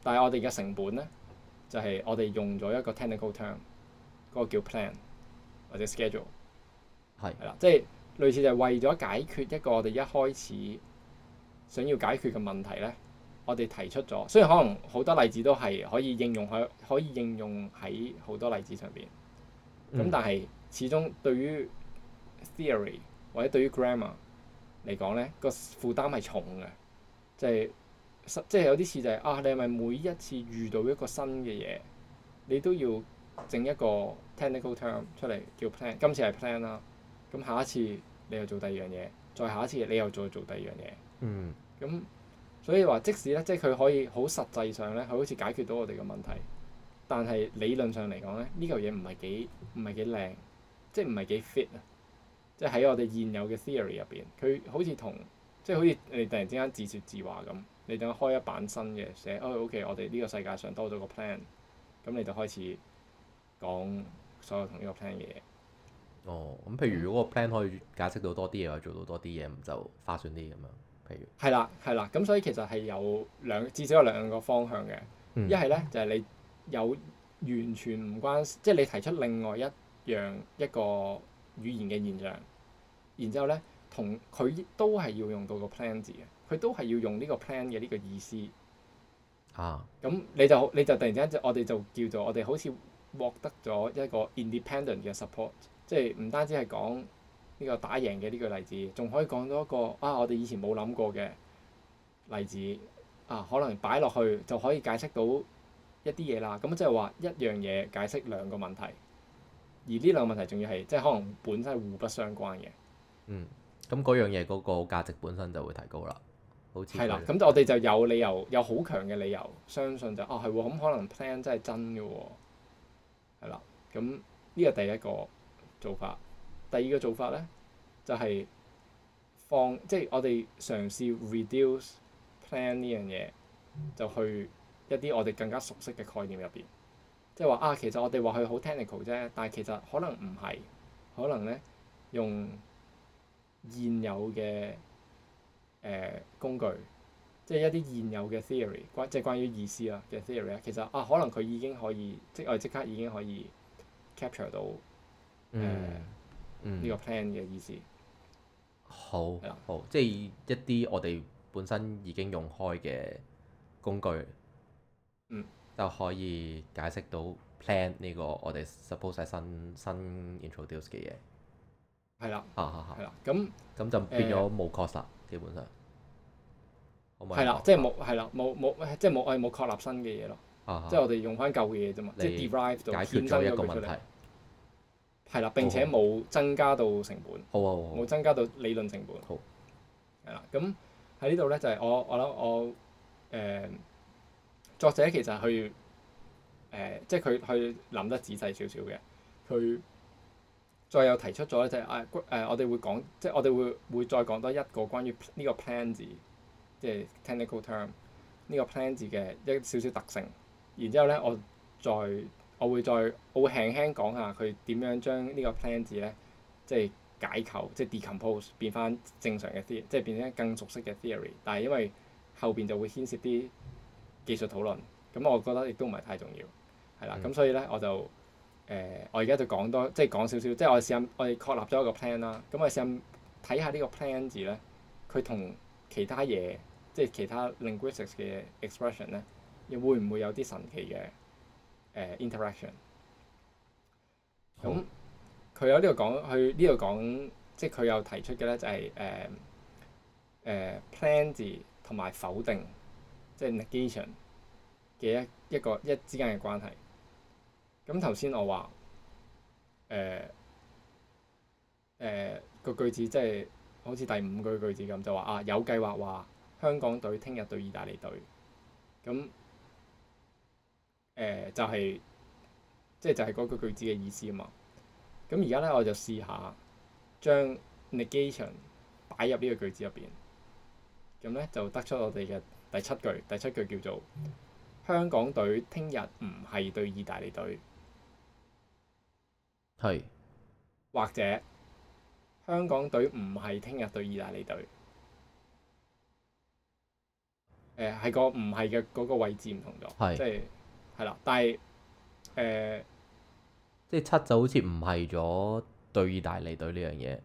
但係我哋嘅成本咧，就係、是、我哋用咗一個 technical term，嗰個叫 plan 或者 schedule。係。係啦，即係。類似就係為咗解決一個我哋一開始想要解決嘅問題咧，我哋提出咗。雖然可能好多例子都係可以應用可可以應用喺好多例子上邊，咁但係始終對於 theory 或者對於 grammar 嚟講咧，個負擔係重嘅，即係即係有啲事就係、是、啊，你係咪每一次遇到一個新嘅嘢，你都要整一個 technical term 出嚟叫 plan？今次係 plan 啦，咁下一次。你又做第二樣嘢，再下一次你又再做，做第二樣嘢。嗯，咁所以話即使咧，即係佢可以好實際上咧，佢好似解決到我哋嘅問題，但係理論上嚟講咧，呢嚿嘢唔係幾唔係幾靚，即係唔係幾 fit 啊！即係喺我哋現有嘅 theory 入邊，佢好似同即係好似你突然之間自説自話咁，你等開一版新嘅寫，哦，OK，我哋呢個世界上多咗個 plan，咁你就開始講所有同呢個 plan 嘅嘢。哦，咁譬如如果個 plan 可以解釋到多啲嘢，可以做到多啲嘢，唔就划算啲咁樣。譬如係啦，係啦，咁所以其實係有兩至少有兩兩個方向嘅。一係咧就係、是、你有完全唔關，即係你提出另外一樣一個語言嘅現象，然之後咧同佢都係要用到個 plan 字嘅，佢都係要用呢個 plan 嘅呢個意思啊。咁你就你就突然之間，我哋就叫做我哋好似獲得咗一個 independent 嘅 support。即係唔單止係講呢個打贏嘅呢個例子，仲可以講到一個啊，我哋以前冇諗過嘅例子啊，可能擺落去就可以解釋到一啲嘢啦。咁即係話一樣嘢解釋兩個問題，而呢兩個問題仲要係即係可能本身係互不相關嘅。嗯，咁嗰樣嘢嗰個價值本身就會提高啦。好似係啦，咁就我哋就有理由，有好強嘅理由相信就啊係，咁可能 plan 真係真嘅喎、哦。係啦，咁呢個第一個。做法，第二個做法咧，就係、是、放即係我哋嘗試 reduce plan 呢樣嘢，就去一啲我哋更加熟悉嘅概念入邊，即係話啊，其實我哋話佢好 technical 啫，但係其實可能唔係，可能咧用現有嘅誒、呃、工具，即係一啲現有嘅 theory 關即係、就是、關於意思啊嘅、就是、theory 啊，其實啊可能佢已經可以即係我哋即刻已經可以 capture 到。誒呢個 plan 嘅意思，好，好，即係一啲我哋本身已經用開嘅工具，嗯，就可以解釋到 plan 呢個我哋 suppose 係新新 introduce 嘅嘢，係啦，係啦，咁咁就變咗冇確立，基本上，係啦，即係冇係啦，冇冇即係冇我哋冇確立新嘅嘢咯，即係我哋用翻舊嘅嘢啫嘛，即係 derive 就衍生咗佢出嚟。係啦，並且冇增加到成本，冇增加到理論成本。係啦好，咁喺呢度咧就係、是、我我諗我誒、呃、作者其實去誒即係佢去諗得仔細少少嘅，佢再有提出咗咧就係誒誒我哋會講即係、就是、我哋會會再講多一個關於呢個 plan 字，即、就、係、是、technical term 呢個 plan 字嘅一少少特性。然之後咧我再。我會再，我會輕輕講下佢點樣將呢個 plan 字咧，即係解構，即係 decompose 變翻正常嘅 t 即係變翻更熟悉嘅 theory。但係因為後邊就會牽涉啲技術討論，咁我覺得亦都唔係太重要，係啦。咁、嗯、所以咧，我就誒、呃、我而家就講多，即係講少少，即係我哋試諗，我哋確立咗一個 plan 啦。咁我哋試諗睇下呢個 plan 字咧，佢同其他嘢，即係其他 linguistics 嘅 expression 咧，會唔會有啲神奇嘅？誒、uh, interaction，咁佢有呢度講，佢呢度講，即係佢有提出嘅咧就係誒誒 plan 字同埋否定，即係 negation 嘅一一個一,一之間嘅關係。咁頭先我話誒誒個句子即係好似第五句句子咁，就話啊有計劃話香港隊聽日對意大利隊，咁。誒、呃、就係、是，即係就係、是、嗰個句子嘅意思啊嘛。咁而家咧，我就試下將 negation 擺入呢個句子入邊，咁咧就得出我哋嘅第七句。第七句叫做香港隊聽日唔係對意大利隊，係是或者香港隊唔係聽日對意大利隊。誒、呃、係個唔係嘅嗰個位置唔同咗，是即係。係啦，但係誒，呃、即係七就好似唔係咗對意大利隊呢樣嘢，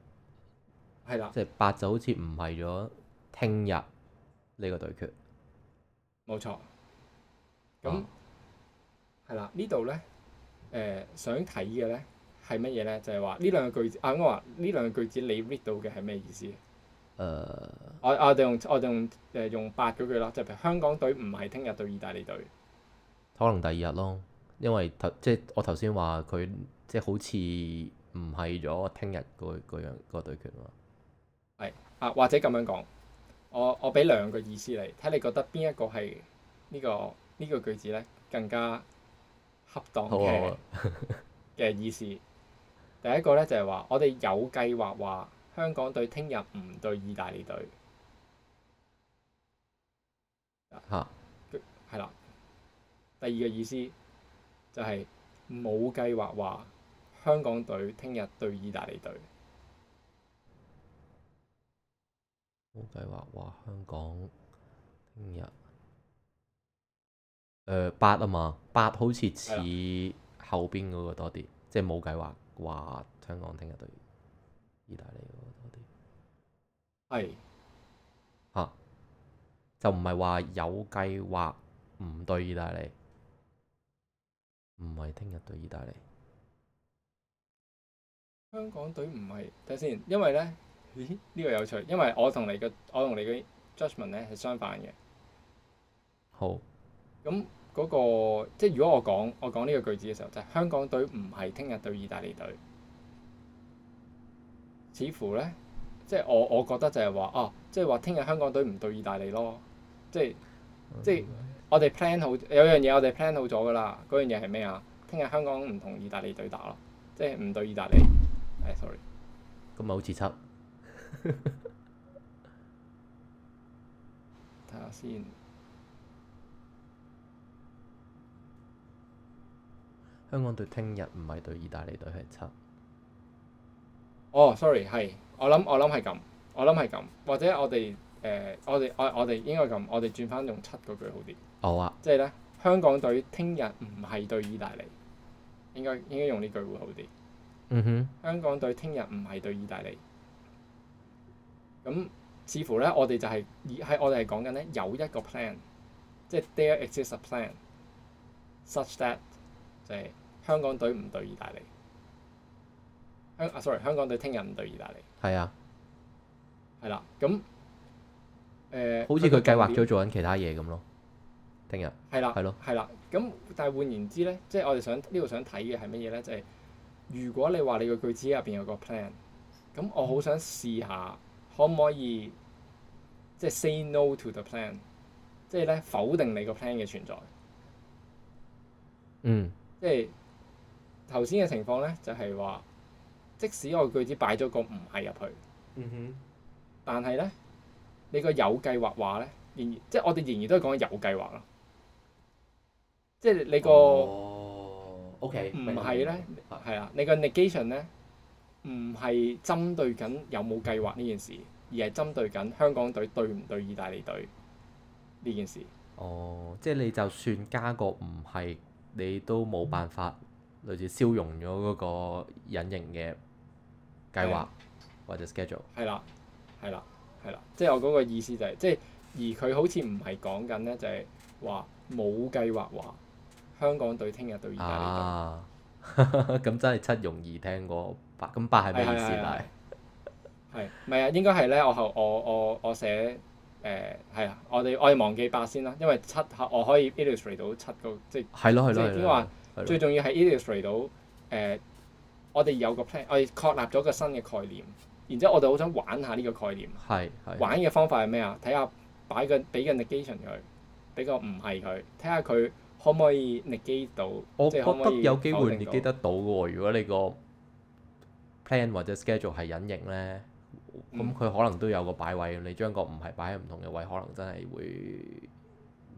係啦的，即係八就好似唔係咗聽日呢個對決，冇錯。咁係啦，啊、呢度咧誒想睇嘅咧係乜嘢咧？就係話呢兩個句子啊，我話呢兩個句子你 read 到嘅係咩意思？誒、呃，我我哋用我哋、呃、用誒用八句啦，就譬、是、如香港隊唔係聽日對意大利隊。可能第二日咯，因為頭即係我頭先話佢即係好似唔係咗聽日個個樣個對決咯。係啊，或者咁樣講，我我俾兩個意思你睇，你覺得邊一個係呢、呢個呢、呢個句子呢更加恰當嘅嘅、哦哦哦、意思？ 第一個呢，就係、是、話我哋有計劃話香港隊聽日唔對意大利隊啊嚇，係啦哈。第二個意思就係、係、冇計劃話香港隊聽日對意大利隊，冇計劃話香港聽日誒八啊嘛八，好似似後邊嗰個多啲，的即係冇計劃話香港聽日對意大利嗰個多啲係，的啊就唔係話有計劃唔對意大利。唔係聽日對意大利，香港隊唔係睇先，因為呢，呢 個有趣，因為我同你嘅我同你嘅 judgement 呢係相反嘅。好，咁嗰、嗰個即係如果我講我講呢個句子嘅時候，就係、係、香港隊唔係聽日對意大利隊，似乎呢，即係我我覺得就係話啊，即係話聽日香港隊唔對意大利咯，即係、嗯、即係。我哋 plan 好有樣嘢，我哋 plan 好咗㗎喇。嗰樣嘢係咩啊？聽日香港唔同意大利對打咯，即係唔對意大利。誒、 哎，sorry，咁咪好似七？睇下 看先。香港隊聽日唔係對意大利隊係七。哦，sorry，係。我諗我諗係咁，我諗係咁，或者我哋。誒、uh，我哋我我哋應該咁，我哋轉翻用七個句好啲。好啊，即係咧，香港隊聽日唔係對意大利，應該應該用呢句會好啲。哼、mm，hmm。香港隊聽日唔係對意大利。咁，似乎咧、就是，我哋就係、是，係我哋係講緊咧，有一個 plan，即係 there exists a plan such that 就係香港隊唔對意大利。香啊，sorry，香港隊聽日唔對意大利。係啊 Yeah.。係啦，咁。誒，呃、好似佢計劃咗做緊其他嘢咁咯，聽日係啦，係咯，係啦。咁但係換言之咧，即係我哋想呢度想睇嘅係乜嘢咧？就係、是就是、如果你話你個句子入邊有個 plan，咁我好想試下可唔可以即係、就是、say no to the plan，即係咧否定你個 plan 嘅存在。嗯，即係頭先嘅情況咧，就係、是、話即使我句子擺咗個唔係入去，嗯哼，但係咧。你個有計劃話咧，仍然，即係我哋仍然都係講有計劃啦。哦、即係你個，OK，唔係咧，係啊，你個 negation 咧，唔係針對緊有冇計劃呢件事，而係針對緊香港隊對唔對意大利隊呢件事。哦，即係你就算加個唔係，你都冇辦法類似消融咗嗰個隱形嘅計劃、嗯、或者 schedule。係啦，係啦。係啦，即係我嗰個意思就係，即係而佢好似唔係講緊咧，就係話冇計劃話香港隊聽日對意大利隊。咁真係七容易聽過八，咁八係咩意思？係唔係啊？應該係咧。我後我我我寫誒係啊，我哋我哋忘記八先啦，因為七我可以 illustrate 到七個即係。係咯，係咯，即係點講？最重要係 illustrate 到誒，我哋有個 plan，我哋確立咗個新嘅概念。然之後我哋好想玩下呢個概念，玩嘅方法係咩啊？睇下擺個俾個 negation 佢，俾個唔係佢，睇下佢可唔可以 negate 到？我覺得有機會 negate 得到嘅喎，如果你個 plan 或者 schedule 係隱形咧，咁佢、嗯、可能都有個擺位，你將個唔係擺喺唔同嘅位，可能真係會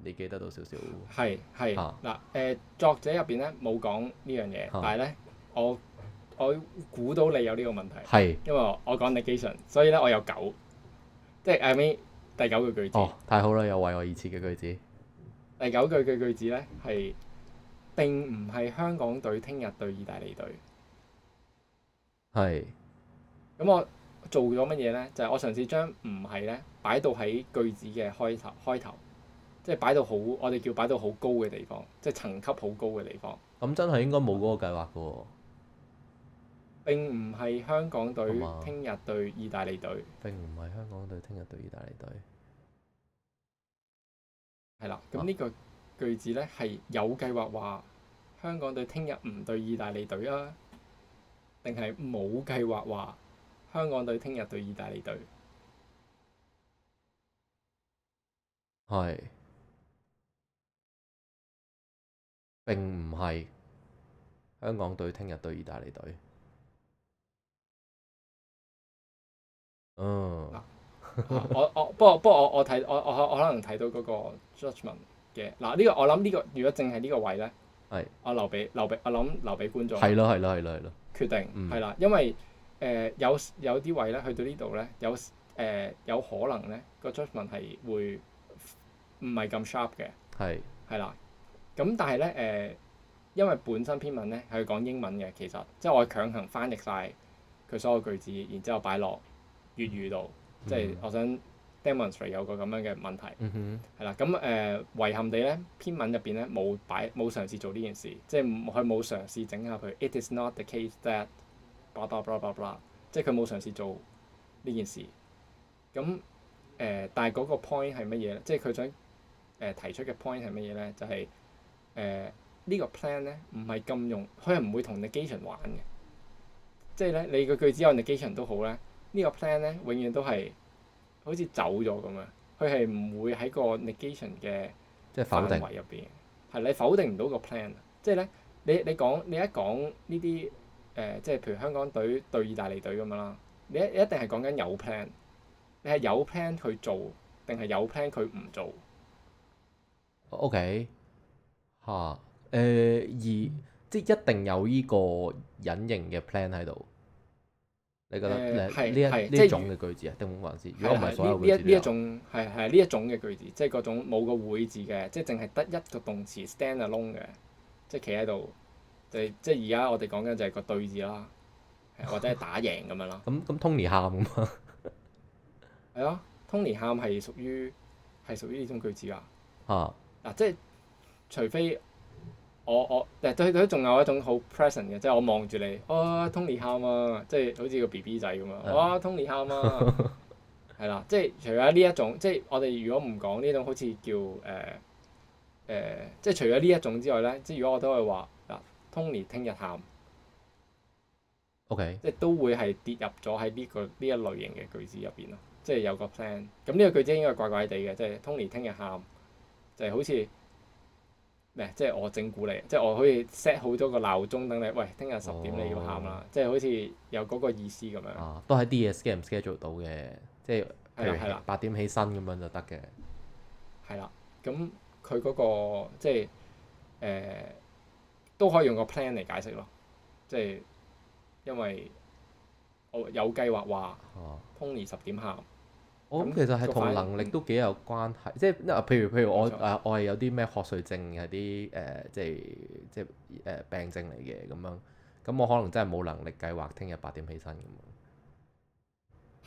你記得到少少。係係嗱，啊嗯、作者入邊咧冇講呢樣嘢，嗯、但係咧我。我估到你有呢個問題，係是因為我我講 negation 所以咧我有九，即係 I mean 第九個句，句，句子。哦，太好啦，有為我而設嘅句子。第九句嘅句，句，句，句子咧係並唔係香港隊聽日對意大利隊。係是。咁我做咗乜嘢咧？就係、是、我嘗試將唔係咧擺到喺句子嘅開頭，開頭，即係擺到好，我哋叫擺到好高嘅地方，即係層級好高嘅地方。咁、嗯、真係應該冇嗰個計劃喎。並唔係香港隊聽日對意大利隊。並唔係香港隊聽日對意大利隊。係啦，咁呢個句子呢，係有計劃話香港隊聽日唔對意大利隊啊，定係冇計劃話香港隊聽日對意大利隊？係。並唔係香港隊聽日對意大利隊。嗱、oh. 啊，我我不過不過我睇我我，我，我，我可能睇到嗰個 judgement 嘅嗱呢、啊這個我諗呢、這個如果淨係呢個位咧，係啊是，留俾留我諗留俾觀眾，係決定係啦、嗯，因為誒、呃、有有啲位咧去到呢度咧有誒、呃、有可能咧、這個 judgement 係會唔係咁 sharp 嘅，係係啦，咁、嗯、但係咧誒，因為本身篇文咧係講英文嘅，其實即係、就是、我強行翻譯晒佢所有句子，然之後擺落。粵語度，即係我想 demonstrate 有個咁樣嘅問題，係啦、mm。咁、hmm. 誒、呃、遺憾地咧，篇文入邊咧冇擺冇嘗試做呢件事，即係佢冇嘗試整下佢。It is not the case that blah blah blah blah 即係佢冇嘗試做呢件事。咁誒、呃，但係嗰個 point 係乜嘢咧？即係佢想誒提出嘅 point 係乜嘢咧？就係誒呢個 plan 咧，唔係咁用，佢係唔會同 negation 玩嘅。即係咧，你個句子有 negation 都好咧。呢個 plan 咧，永遠都係好似走咗咁樣，佢係唔會喺個 negation 嘅即係範圍入邊，係你否定唔到個 plan。即係咧，你你講你一講呢啲誒，即係譬如香港隊對意大利隊咁樣啦，你一一定係講緊有 plan，你係有 plan 佢做，定係有 plan 佢唔做？OK 吓？誒、okay. 呃、二，即係一定有呢個隱形嘅 plan 喺度。你覺得呢呢一呢種嘅句子啊，定唔定還是？如果唔係，係啦一，呢一呢一種係係呢一種嘅句子，即係嗰種冇個會字嘅，即係淨係得一個動詞 stand alone 嘅，即係企喺度，即係而家我哋講緊就係個對字啦，或者係打贏咁樣咯。咁咁 Tony 喊咁嘛？係 啊，Tony 喊係屬於係屬於呢種句子 啊。啊，嗱，即係除非。我我，其實對對仲有一種好 present 嘅，即係我望住你，啊 Tony 喊啊，即係好似個 BB 仔咁樣，哇 Tony 喊啊，係啦， 即係除咗呢一種，即係我哋如果唔講呢種好，好似叫誒誒，即係除咗呢一種之外咧，即係如果我都係話，嗱 Tony 聽日喊，OK，即係都會係跌入咗喺呢個呢一類型嘅句子入邊咯，即係有個 plan。咁呢個句子應該係怪怪地嘅，即係 Tony 聽日喊就係好似。咩？即係我整蠱你，即係我可以 set 好咗個鬧鐘等你。喂，聽日十點你要喊啦，哦、即係好似有嗰個意思咁樣。哦、啊，都係啲嘢 schedule 到嘅，即係譬如係啦，八點起身咁樣就得嘅。係啦，咁佢嗰個即係誒、呃、都可以用個 plan 嚟解釋咯，即係因為我有計劃話，Tony 十點喊。我咁、嗯、其實係同能力都幾有關係，即係、嗯、譬如譬如，譬如我誒錯、啊、我係有啲咩學術症係啲誒即係、呃、即係誒、呃、病症嚟嘅咁樣，咁我可能真係冇能力計劃聽日八點起身咁。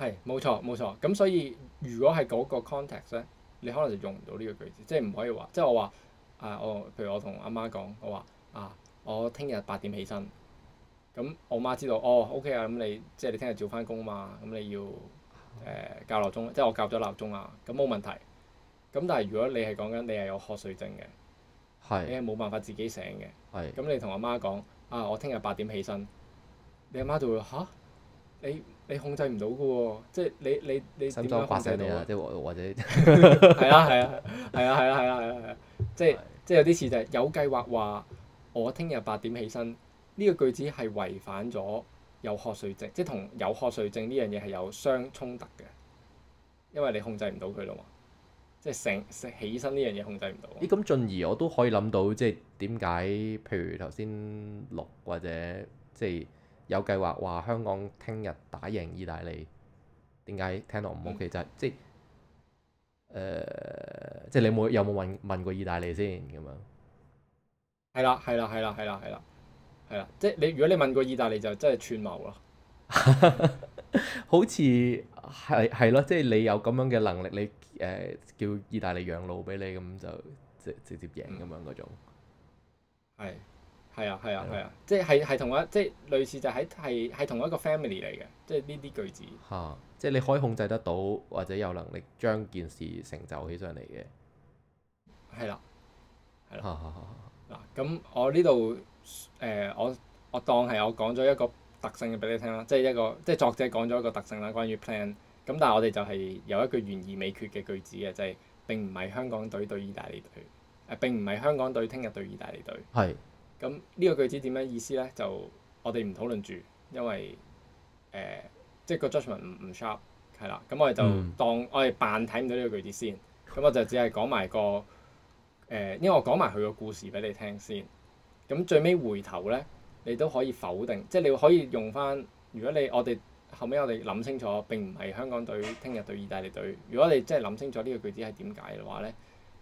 係冇錯冇錯，咁所以如果係嗰個 context 咧，你可能就用唔到呢個句子，即係唔可以話即係我話誒、啊、我譬如我同阿媽講，我話啊我聽日八點起身，咁我媽知道哦 O、okay, K 啊，咁、嗯、你即係你聽日要翻工嘛，咁你，你，你要。你要誒校鬧鐘，即係我校咗鬧鐘啊，咁冇問題。咁但係如果你係講緊你係有瞌睡症嘅，是你係冇辦法自己醒嘅。係咁是，你同阿媽講啊，我聽日八點起身。你阿媽,媽就會嚇你，你控制唔到㗎喎，即係你你你點樣到？八 點啊，或者係啊係啊係啊係啊係啊係啊，啊啊啊啊啊啊啊即係即係有啲事就係有計劃話我聽日八點起身，呢、這個句子係違反咗。有渴睡症，即係同有渴睡症呢樣嘢係有相衝突嘅，因為你控制唔到佢咯嘛，即係醒起身呢樣嘢控制唔到。咦？咁進而我都可以諗到，即係點解譬如頭先六或者即係有計劃話香港聽日打贏意大利，點解聽落唔好？其實、嗯、就即係誒，即係你有冇問問過意大利先咁樣？係啦，係啦，係啦，係啦，係啦。係啦，即係你如果你問過意大利就真係串謀咯，好似係係咯，即係、就是、你有咁樣嘅能力，你誒、呃、叫意大利讓路俾你，咁就直直接贏咁樣嗰種，係係啊係啊係啊，即係係同一即係類似就喺係係同一個 family 嚟嘅，即係呢啲句子，嚇、啊，即係你可以控制得到或者有能力將件事成就起上嚟嘅，係啦係啦，嗱咁、啊啊 啊、我呢度。誒、呃、我我當係我講咗一個特性嘅俾你聽啦，即係一個即係作者講咗一個特性啦，關於 plan。咁但係我哋就係有一句懸而未決嘅句子嘅，就係、是、並唔係香港隊對意大利隊，誒、呃、並唔係香港隊聽日對意大利隊。咁呢是、嗯這個句子點樣意思咧？就我哋唔討論住，因為誒、呃、即係個 judgement 唔唔 sharp 係啦。咁我哋就當、嗯、我哋扮睇唔到呢個句子先。咁我就只係講埋個誒、呃，因為我講埋佢個故事俾你聽先。咁最尾回頭呢，你都可以否定，即係你可以用翻。如果你我哋後尾我哋諗清楚，並唔係香港隊聽日對，對意大利隊。如果你真係諗清楚呢個句子係點解嘅話呢，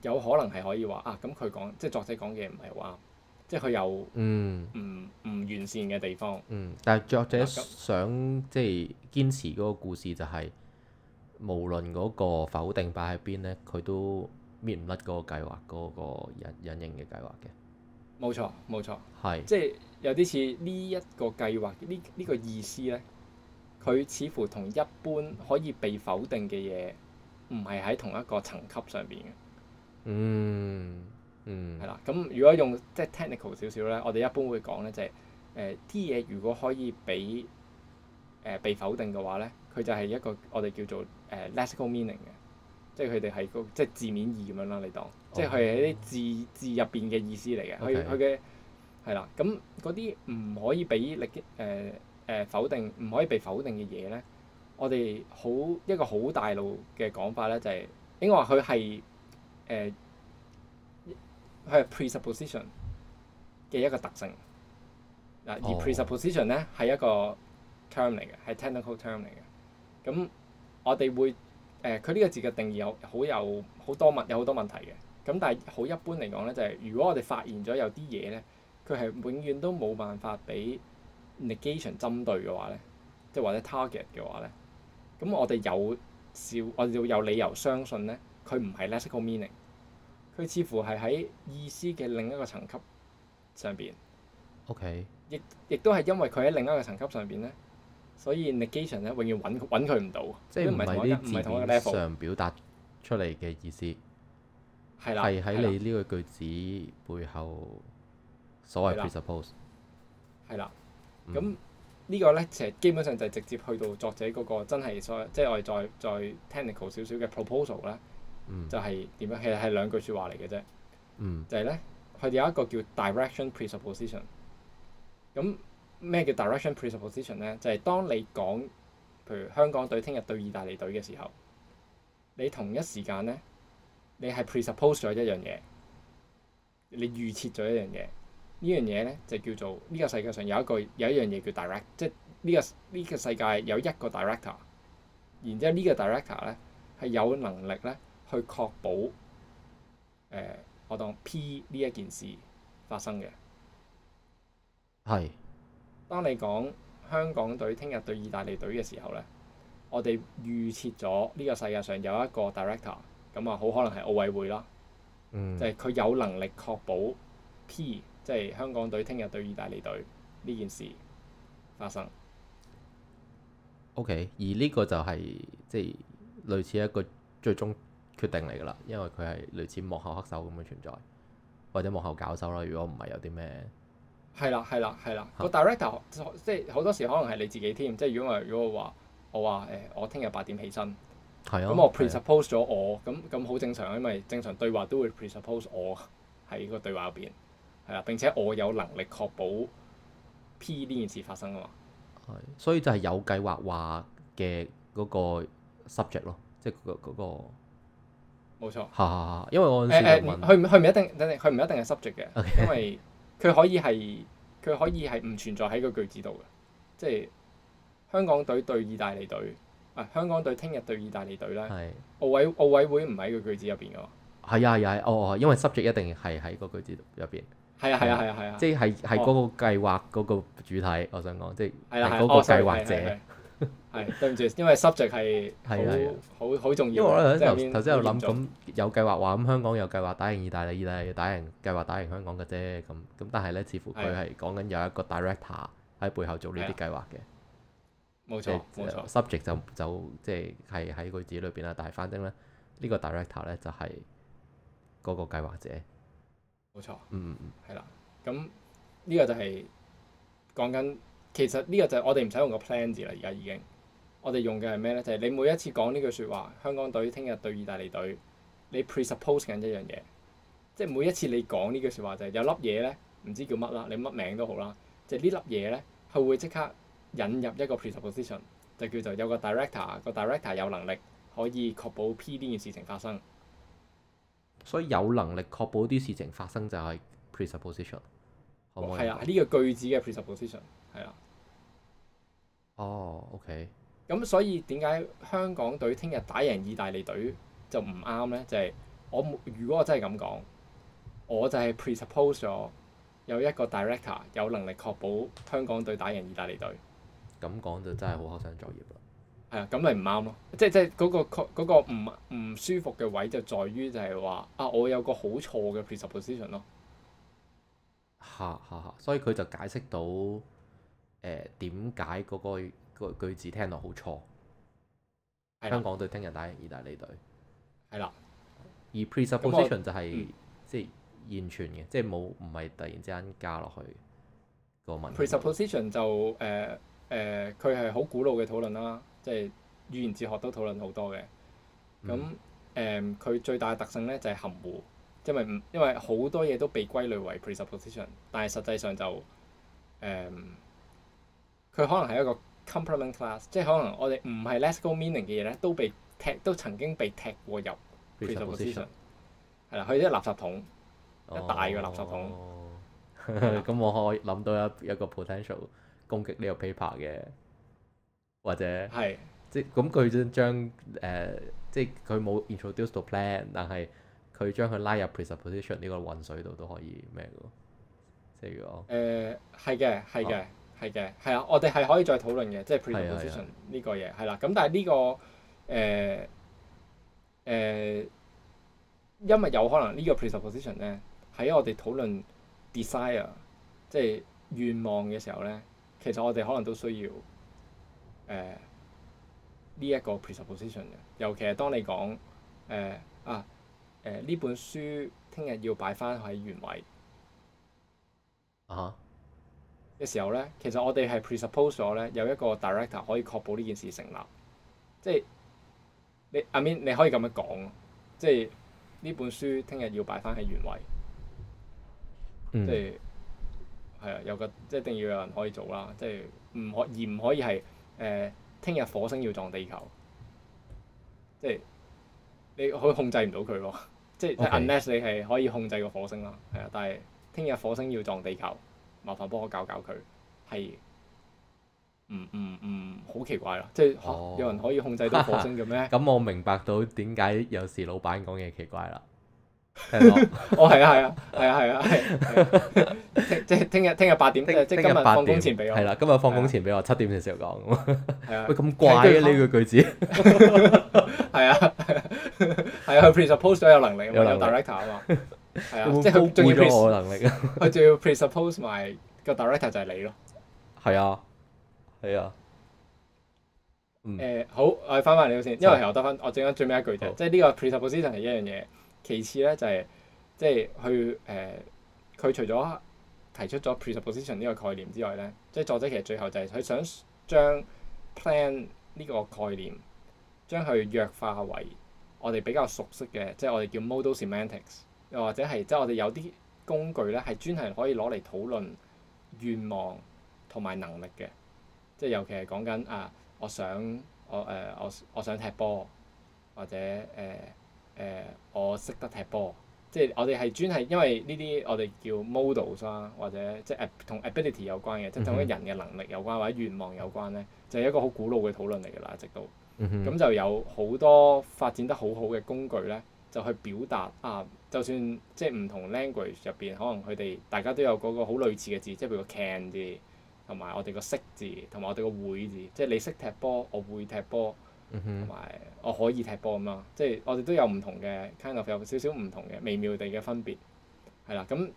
有可能係可以話啊。咁佢講，即係作者講嘅唔係話，即係佢有唔唔，嗯，完善嘅地方。嗯，但係作者想即係，就係，堅持嗰個故事就係，係，無論嗰個否定擺喺邊呢，佢都搣唔甩嗰個計劃嗰，嗰個隱隱形嘅計劃嘅。冇錯，冇錯，係，是即係有啲似呢一個計劃，呢、這、呢、個這個意思咧，佢似乎同一般可以被否定嘅嘢，唔係喺同一個層級上邊嘅。嗯，嗯，係啦，咁如果用即係 technical 少少咧，我哋一般會講咧就係、是，誒啲嘢如果可以俾誒、呃、被否定嘅話咧，佢就係一個我哋叫做誒 logical meaning 嘅。即係佢哋係個即係字面意義咁樣啦，你當，oh、即係佢係啲字字入邊嘅意思嚟嘅，佢佢嘅係啦。咁嗰啲唔可以被力誒誒否定，唔可以被否定嘅嘢咧，我哋好一個好大路嘅講法咧，就係、是、應該話佢係誒佢、呃、係 presupposition 嘅一個特性嗱，而 presupposition 咧係一個 term 嚟嘅，係 technical term 嚟嘅。咁我哋會誒，佢呢、呃、個字嘅定義有好有好多問，有好多問題嘅。咁但係好一般嚟講咧，就係、是、如果我哋發現咗有啲嘢咧，佢係永遠都冇辦法俾 negation 針對嘅話咧，即係或者 target 嘅話咧，咁我哋有少我哋要有理由相信咧，佢唔係 lexical meaning。佢似乎係喺意思嘅另一個層級上邊。OK 亦。亦亦都係因為佢喺另一個層級上邊咧。所以 negation 咧，永遠揾揾佢唔到，即係唔係唔係同一個 level 上表達出嚟嘅意思，係啦，係喺你呢個句，句子背後所謂 presuppose，係啦，咁呢個咧其實基本上就係直接去到作者嗰個真係所謂即係我哋再再 technical 少少嘅 proposal 咧，嗯、就係點樣？其實係兩句説話嚟嘅啫，嗯、就係咧佢哋有一個叫 direction presupposition，咁、嗯。咩叫 direction presupposition 咧？就係、是、當你講，譬如香港隊聽日對意大利隊嘅時候，你同一時間咧，你係 presuppose 咗一樣嘢，你預設咗一樣嘢。呢樣嘢咧就叫做呢、這個世界上有一個有一樣嘢叫 director，即係呢、這個呢、這個世界有一個 director dire。然之後呢個 director 咧係有能力咧去確保誒、呃、我當 P 呢一件事發生嘅，係。當你講香港隊聽日對意大利隊嘅時候呢，我哋預設咗呢個世界上有一個 director，咁啊好可能係奧委會啦，嗯、就係佢有能力確保 P，即係香港隊聽日對意大利隊呢件事發生。OK，而呢個就係即係類似一個最終決定嚟噶啦，因為佢係類似幕後黑手咁嘅存在，或者幕後搞手啦。如果唔係，有啲咩？係啦，係啦，係啦。個 director 即係好多時可能係你自己添。即係如果話，如果話，我話誒、欸，我聽日八點起身，咁係啊，我 presuppose 咗我，咁咁好正常，因為正常對話都會 presuppose 我喺個對話入邊，係啊。並且我有能力確保 P 呢件事發生噶嘛？係，所以就係有計劃話嘅嗰個 subject 咯，即係嗰嗰個冇、嗰個、錯哈哈。因為我佢唔、欸欸欸、一定，佢唔一定係 subject 嘅，因為。 佢可以係，佢可以係唔存在喺個句子度嘅，即係香港隊對意大利隊，啊香港隊聽日對意大利隊啦。奧委奧委會唔喺個句子入邊㗎？係啊係啊係，哦因為 subject 一定係喺個句子入邊。係啊係啊係啊係啊！即係係嗰個計劃嗰個主體，我想講，即係嗰個計劃者。係，對唔住，因為 subject 係好好好重要。因為我咧頭頭先又諗咁，有計劃話咁，香港有計劃打贏意大利，意大利又打贏計劃打贏香港嘅啫，咁咁但係咧似乎佢係講緊有一個 director 喺背後做呢啲計劃嘅，冇錯冇錯，subject 就就即係喺佢自己裏邊啦，但係反正咧呢個 director 咧就係嗰個計劃者，冇錯，嗯係啦，咁呢個就係講緊。其實呢個就係我哋唔使用，用個 plan 字啦，而家已經我哋用嘅係咩咧？就係、是、你每一次講呢句説話，香港隊聽日對意大利隊，你 presuppose 緊一樣嘢，即係每一次你講呢句説話就係、是、有粒嘢咧，唔知叫乜啦，你乜名都好啦，就呢、是、粒嘢咧係會即刻引入一個 presupposition，就叫做有個 director，個 director 有能力可以確保 P 呢件事情發生。所以有能力確保啲事情發生就係 presupposition，係啊，呢、哦這個句子嘅 presupposition。係啦，哦、oh,，OK，咁所以點解香港隊聽日打贏意大利隊就唔啱咧？就係、是、我如果我真係咁講，我就係 presuppose 咗有一個 director 有能力確保香港隊打贏意大利隊。咁講就真係好學生作業咯。係啊， 咁咪唔啱咯？即即嗰個確嗰個唔唔舒服嘅位就在於就係話啊，我有個好錯嘅 presupposition 咯。嚇嚇嚇！所以佢就解釋到。誒點解嗰個句子聽落好錯？係香港隊聽日打人意大利隊係啦。而 presupposition 就係即係現存嘅，即係冇唔係突然之間加落去個問題。presupposition 就誒誒，佢係好古老嘅討論啦，即係語言哲學都討論好多嘅。咁誒，佢嗯呃最大嘅特性咧就係含糊，因為唔因為好多嘢都被歸類為 presupposition，但係實際上就誒。嗯嗯佢可能係一個 complement class，即係可能我哋唔係 let's go meaning 嘅嘢咧，都被踢，都曾經被踢過入 presupposition 啦、哦，佢啲垃圾桶，大嘅、哦、垃圾桶。咁、嗯、 我可以諗到一一個 potential 攻擊呢個 paper 嘅，或者係是即咁佢將誒即係佢冇 introduce 到 plan，但係佢將佢拉入 presupposition 呢個混水度都可以咩嘅？即如果。誒、呃，係嘅，係嘅。係嘅，係啊，我哋係可以再討論嘅，即係 presupposition 呢是的 個嘢，係啦。咁但係呢、呢個誒誒、呃呃，因為有可能個呢個 presupposition 咧，喺我哋討論 desire，即係願望嘅時候咧，其實我哋可能都需要誒呢一個 presupposition 嘅。尤其係當你講誒、呃、啊誒呢、呃、本書聽日要擺返喺原位啊、uh。Huh. 嘅時候咧，其實我哋係 presuppose 咗咧有一個 director 可以確保呢件事成立，即係你，I mean，你可以咁樣講，即係呢本書聽日要擺翻喺原位，嗯、即係係啊，有個即一定要有人可以做啦，即係唔可而唔可以係誒聽日火星要撞地球，即係你，即 Okay. 你可以控制唔到佢喎，即係 unless 你係可以控制個火星啦，係啊，但係聽日火星要撞地球。麻煩幫我搞搞佢，係唔唔唔好奇怪啦，即係有人可以控制到火星嘅咩？咁我明白到點解有時老闆講嘢奇怪啦。哦，係啊，係啊，係啊，係啊，係。即係聽日聽日八點，即係今日放工前俾我。係啦，今日放工前俾我七點嘅時候講。喂，咁怪嘅呢個句子。係啊，係啊，係啊，佢 presuppose 咗有能力，有 director 啊嘛。係啊，會即係高估咗我能力。佢 仲要 presuppose 埋個 director 就係你咯。係啊，係啊。誒、嗯呃、好，我哋翻返嚟先，啊、因為我得返，我整緊最尾一句就係，好即係呢個 presupposition 係一樣嘢。其次咧就係、是，即係佢，誒、呃、佢除咗提出咗 presupposition 呢個概念之外咧，即係作者其實最後就係佢想將 plan 呢個概念，將佢弱化為我哋比較熟悉嘅，即係我哋叫 modal semantics。又或者係即係我哋有啲工具咧，係專係可以攞嚟討論願望同埋能力嘅，即係尤其係講緊啊！我想我誒、呃、我我想踢波，或者誒誒、呃呃、我識得踢波，即係我哋係專係因為呢啲我哋叫 modals 或者即係同 ability 有關嘅，即係同人嘅能力有關或者願望有關咧，就係、是、一個好古老嘅討論嚟㗎啦。直到咁就有好多發展得好好嘅工具咧，就去表達啊～就算即係唔同 language 入邊，可能佢哋大家都有嗰個好類似嘅字，即係譬如個 can 字，同埋我哋個識字，同埋我哋個會字，即係你識踢波，我會踢波，同埋我可以踢波嘛。即係我哋都有唔同嘅 kind of 有少少唔同嘅微妙地嘅分別，係啦。咁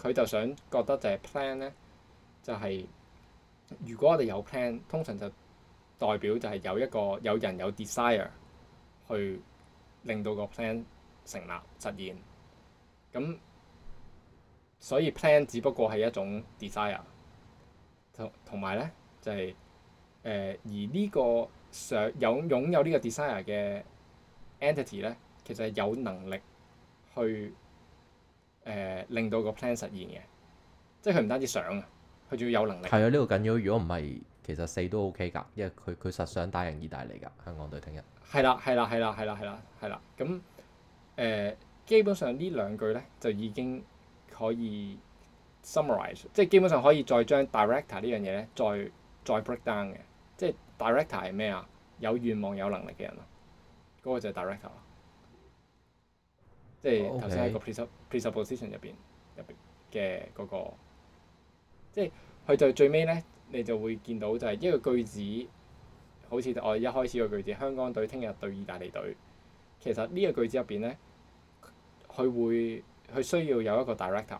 佢就想覺得就係 plan 咧，就係、是、如果我哋有 plan，通常就代表就係有一個有人有 desire 去令到個 plan 成立實現。咁所以 plan 只不過係一種 desire，同埋咧就係、係、誒、呃、而呢個想擁擁有個呢個 desire 嘅 entity 咧，其實係有能力去誒、呃、令到個 plan 實現嘅，即係佢唔單止想啊，佢仲要有能力。係啊，呢、呢個緊要。如果唔係，其實四都 OK 㗎，因為佢佢實想打贏意大利㗎，香港隊聽日。係啦，係啦，係啦，係啦，係啦，係啦，咁誒。呃基本上呢兩句咧就已經可以 summarise，即係基本上可以再將 director 呢樣嘢咧再再 break down 嘅，即係 director 係咩啊？有願望有能力嘅人咯，嗰、那個就係 director 啊，即係頭先個 pre-supposition、oh, okay. pres 入邊入邊嘅嗰、那個，即係佢就最尾咧你就會見到就係一個句子，好似我一開始個句子，香港隊聽日對意大利隊，其實呢個句子入邊咧。佢會佢需要有一個 director，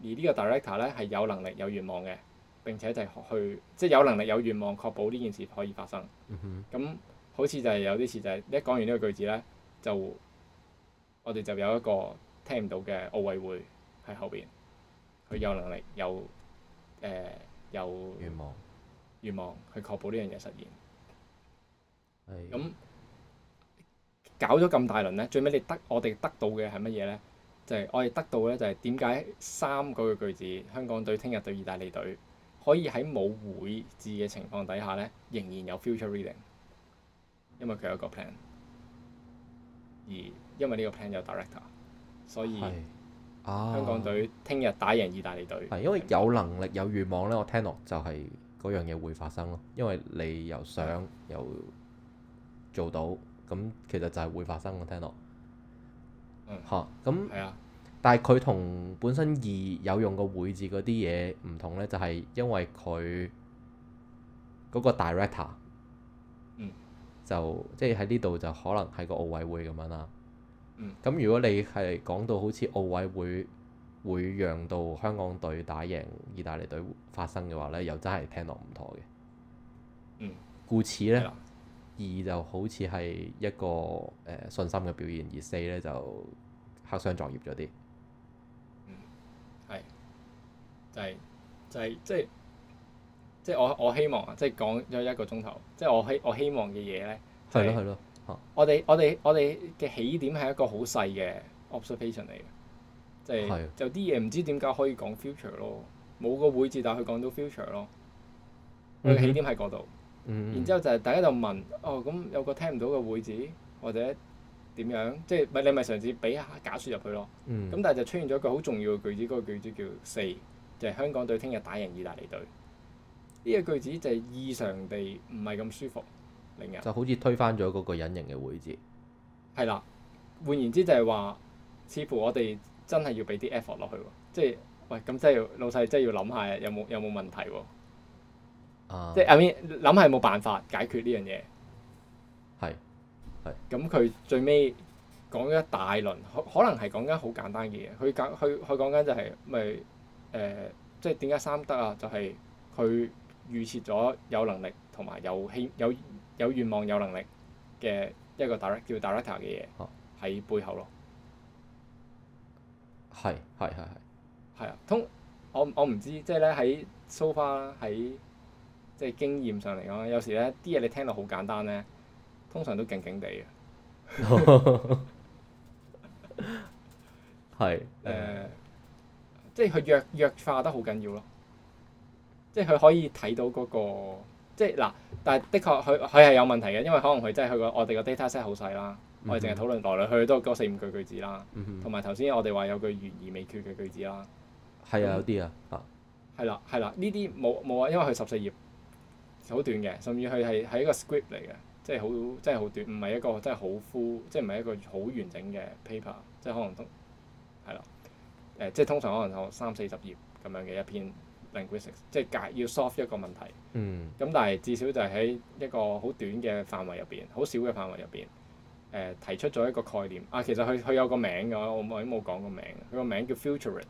而個 dire 呢個 director 咧係有能力有願望嘅，並且就係去即係有能力有願望確保呢件事可以發生。咁、嗯、哼好似就係有啲事就係一講完呢個句子咧，就我哋就有一個聽唔到嘅奧委會喺後邊，佢有能力有誒、呃、有願望願望去確保呢樣嘢實現。咁、嗯哼。搞咗咁大輪咧，最尾你得我哋得到嘅係乜嘢呢？就係、是、我哋得到咧，就係點解三個句子香港隊聽日對意大利隊可以喺冇會字嘅情況底下呢，仍然有 future reading，因為佢有一個 plan，而因為呢個 plan 有 director，所以香港隊聽日打贏意大利隊。係、啊、因為有能力有願望呢，我聽落就係嗰樣嘢會發生咯。因為你又想又做到。咁其實就係會發生，我聽落，嗯，咁、啊，的但係佢同本身二有用個會字嗰啲嘢唔同呢，就係、是、因為佢嗰個 director，、嗯、就即係喺呢度就可能係個奧委會咁樣啦，嗯，咁如果你係講到好似奧委會會讓到香港隊打贏意大利隊發生嘅話呢，又真係聽落唔妥嘅，嗯、故此呢。二就好似係一個誒、呃、信心嘅表現，而四咧就黑箱作業咗啲。嗯，就係、係、就係即係即係我我希望啊，即、就、係、係、講咗一個鐘頭，即、就、係、係、我希我希望嘅嘢咧。係咯係咯。我哋我哋我哋嘅起點係一個好細嘅 observation 嚟嘅，即係有啲嘢唔知點解可以講 future 咯，冇個會字，但係佢講到 future 咯，佢嘅起點喺嗰度。嗯嗯、然之後就係大家就問，哦，咁有個聽唔到嘅會字，或者點樣，即係咪你咪嘗試俾假説入去咯？咁、嗯、但係就出現咗一個好重要嘅句子，嗰、那個句子叫四，就係香港隊聽日打贏意大利隊。呢、這個句子就係異常地唔係咁舒服，令人就好似推翻咗嗰個隱形嘅會字。係啦，換言之就係話，似乎我哋真係要俾啲 effort 落去喎。即係喂，咁真係要老細真係要諗下，有冇有冇問題喎、啊？即係 I mean 諗係冇辦法解決呢樣嘢，係，係。咁佢最尾講咗一大輪，可能係講緊好簡單嘅嘢。佢講佢佢講緊就係咪誒？即係點解三德啊？就係、是、佢預設咗有能力同埋有希有有願望有能力嘅一個 direct 叫 director 嘅嘢喺背後咯。係係係係。係啊，通我我唔知，即係咧喺 so far 喺。即係經驗上嚟講，有時咧啲嘢你聽落好簡單咧，通常都勁勁地嘅。係 。誒， 即係佢弱弱化得好緊要咯。即係佢可以睇到嗰、那個，即係嗱、啊，但係的確佢佢係有問題嘅，因為可能佢真係佢個我哋個 data set 好細啦，我哋淨係討論來來去去都嗰四五句句，句子啦。同埋頭先我哋話有句懸而未決嘅句子啦。係啊呀！那有啲啊。啊、嗯。係啦，係啦，呢啲冇冇啊，因為佢十四頁。好短嘅，甚至佢係，係一個 script 嚟嘅，即係好即係好短，唔係一個，即係好 full，即係唔係一個好完整嘅 paper，即係可能通係啦。誒、呃，即係通常可能有三四十頁咁樣嘅一篇 linguistics，即係解要 solve 一個問題，咁、嗯、但係至少就係喺一個好短嘅範圍入邊，好少嘅範圍入邊，誒、呃，提出咗一個概念。啊，其實佢佢有個名㗎，我我冇講個名。佢個名叫 futurate，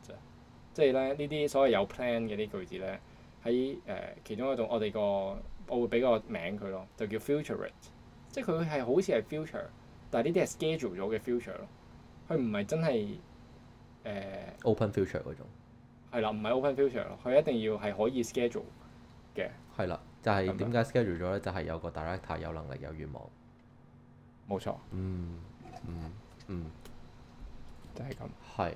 即係咧呢啲所謂有 plan 嘅呢句子咧。喺誒、呃、其中一種，我哋個我會俾個名佢咯，就叫 futurate，即係佢係好似係 future，但係呢啲係 schedule 咗嘅 future 咯，佢唔係真係誒 open future 嗰種。係啦，唔係 open future 咯，佢一定要係可以 schedule 嘅。係啦，就係、是、點解 schedule 咗咧？就係、是、有個 director 有能力，有願望。冇錯。嗯嗯嗯，嗯嗯就係咁。係。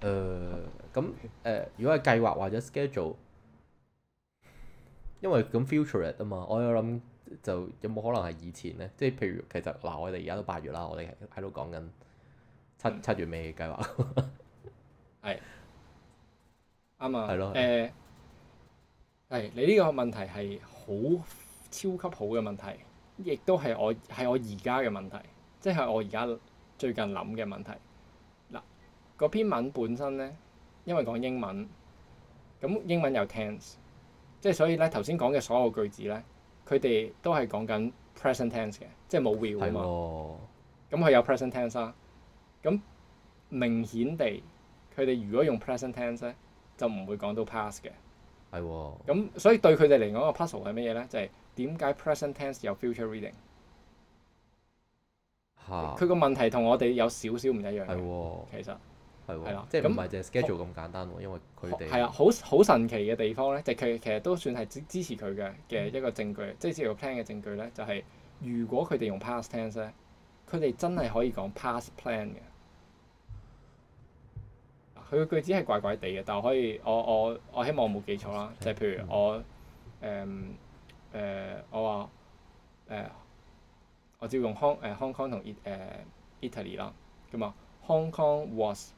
誒咁誒，如果係計劃或者 schedule？因為咁 future it 啊嘛，我有諗就有冇可能係以前咧？即係譬如其實嗱，我哋而家都八月啦，我哋喺度講緊七、嗯、七月尾嘅計劃，係啱啊！係咯，誒係你呢個問題係好超級好嘅問題，亦都係我係我而家嘅問題，即係我而家最近諗嘅問題。嗱，嗰篇文本身咧，因為講英文，咁英文有 tense。即係所以咧，頭先講嘅所有句子咧，佢哋都係講緊 present tense 嘅，即係冇 will 啊嘛。咁佢是、哦嗯、有 present tense 啦、啊，咁、嗯、明顯地，佢哋如果用 present tense 咧，就唔會講到 past 是、哦、s 嘅、嗯。係喎。咁所以對佢哋嚟講，個 puzzle 係咩嘢咧？就係、是、點解 present tense 有 future reading？佢個哈 問題同我哋有少少唔一樣嘅，是哦、其實。係喎，係啦，即係唔係隻 schedule 咁、嗯、簡單喎，因為佢哋係啊，好好神奇嘅地方咧，就佢其實都算係支持佢嘅嘅一個證據，嗯、即係 support plan 嘅證據咧，就係、是、如果佢哋用 past tense 咧，佢哋真係可以講 past plan 嘅。佢嘅句子係怪怪地嘅，但係我可以，我我我希望我冇記錯啦，就係、嗯、譬如我誒誒、嗯嗯，我話誒、嗯，我照用 Hong 誒、呃、Hong Kong 同 It、呃、Italy 啦，咁啊 Hong Kong was。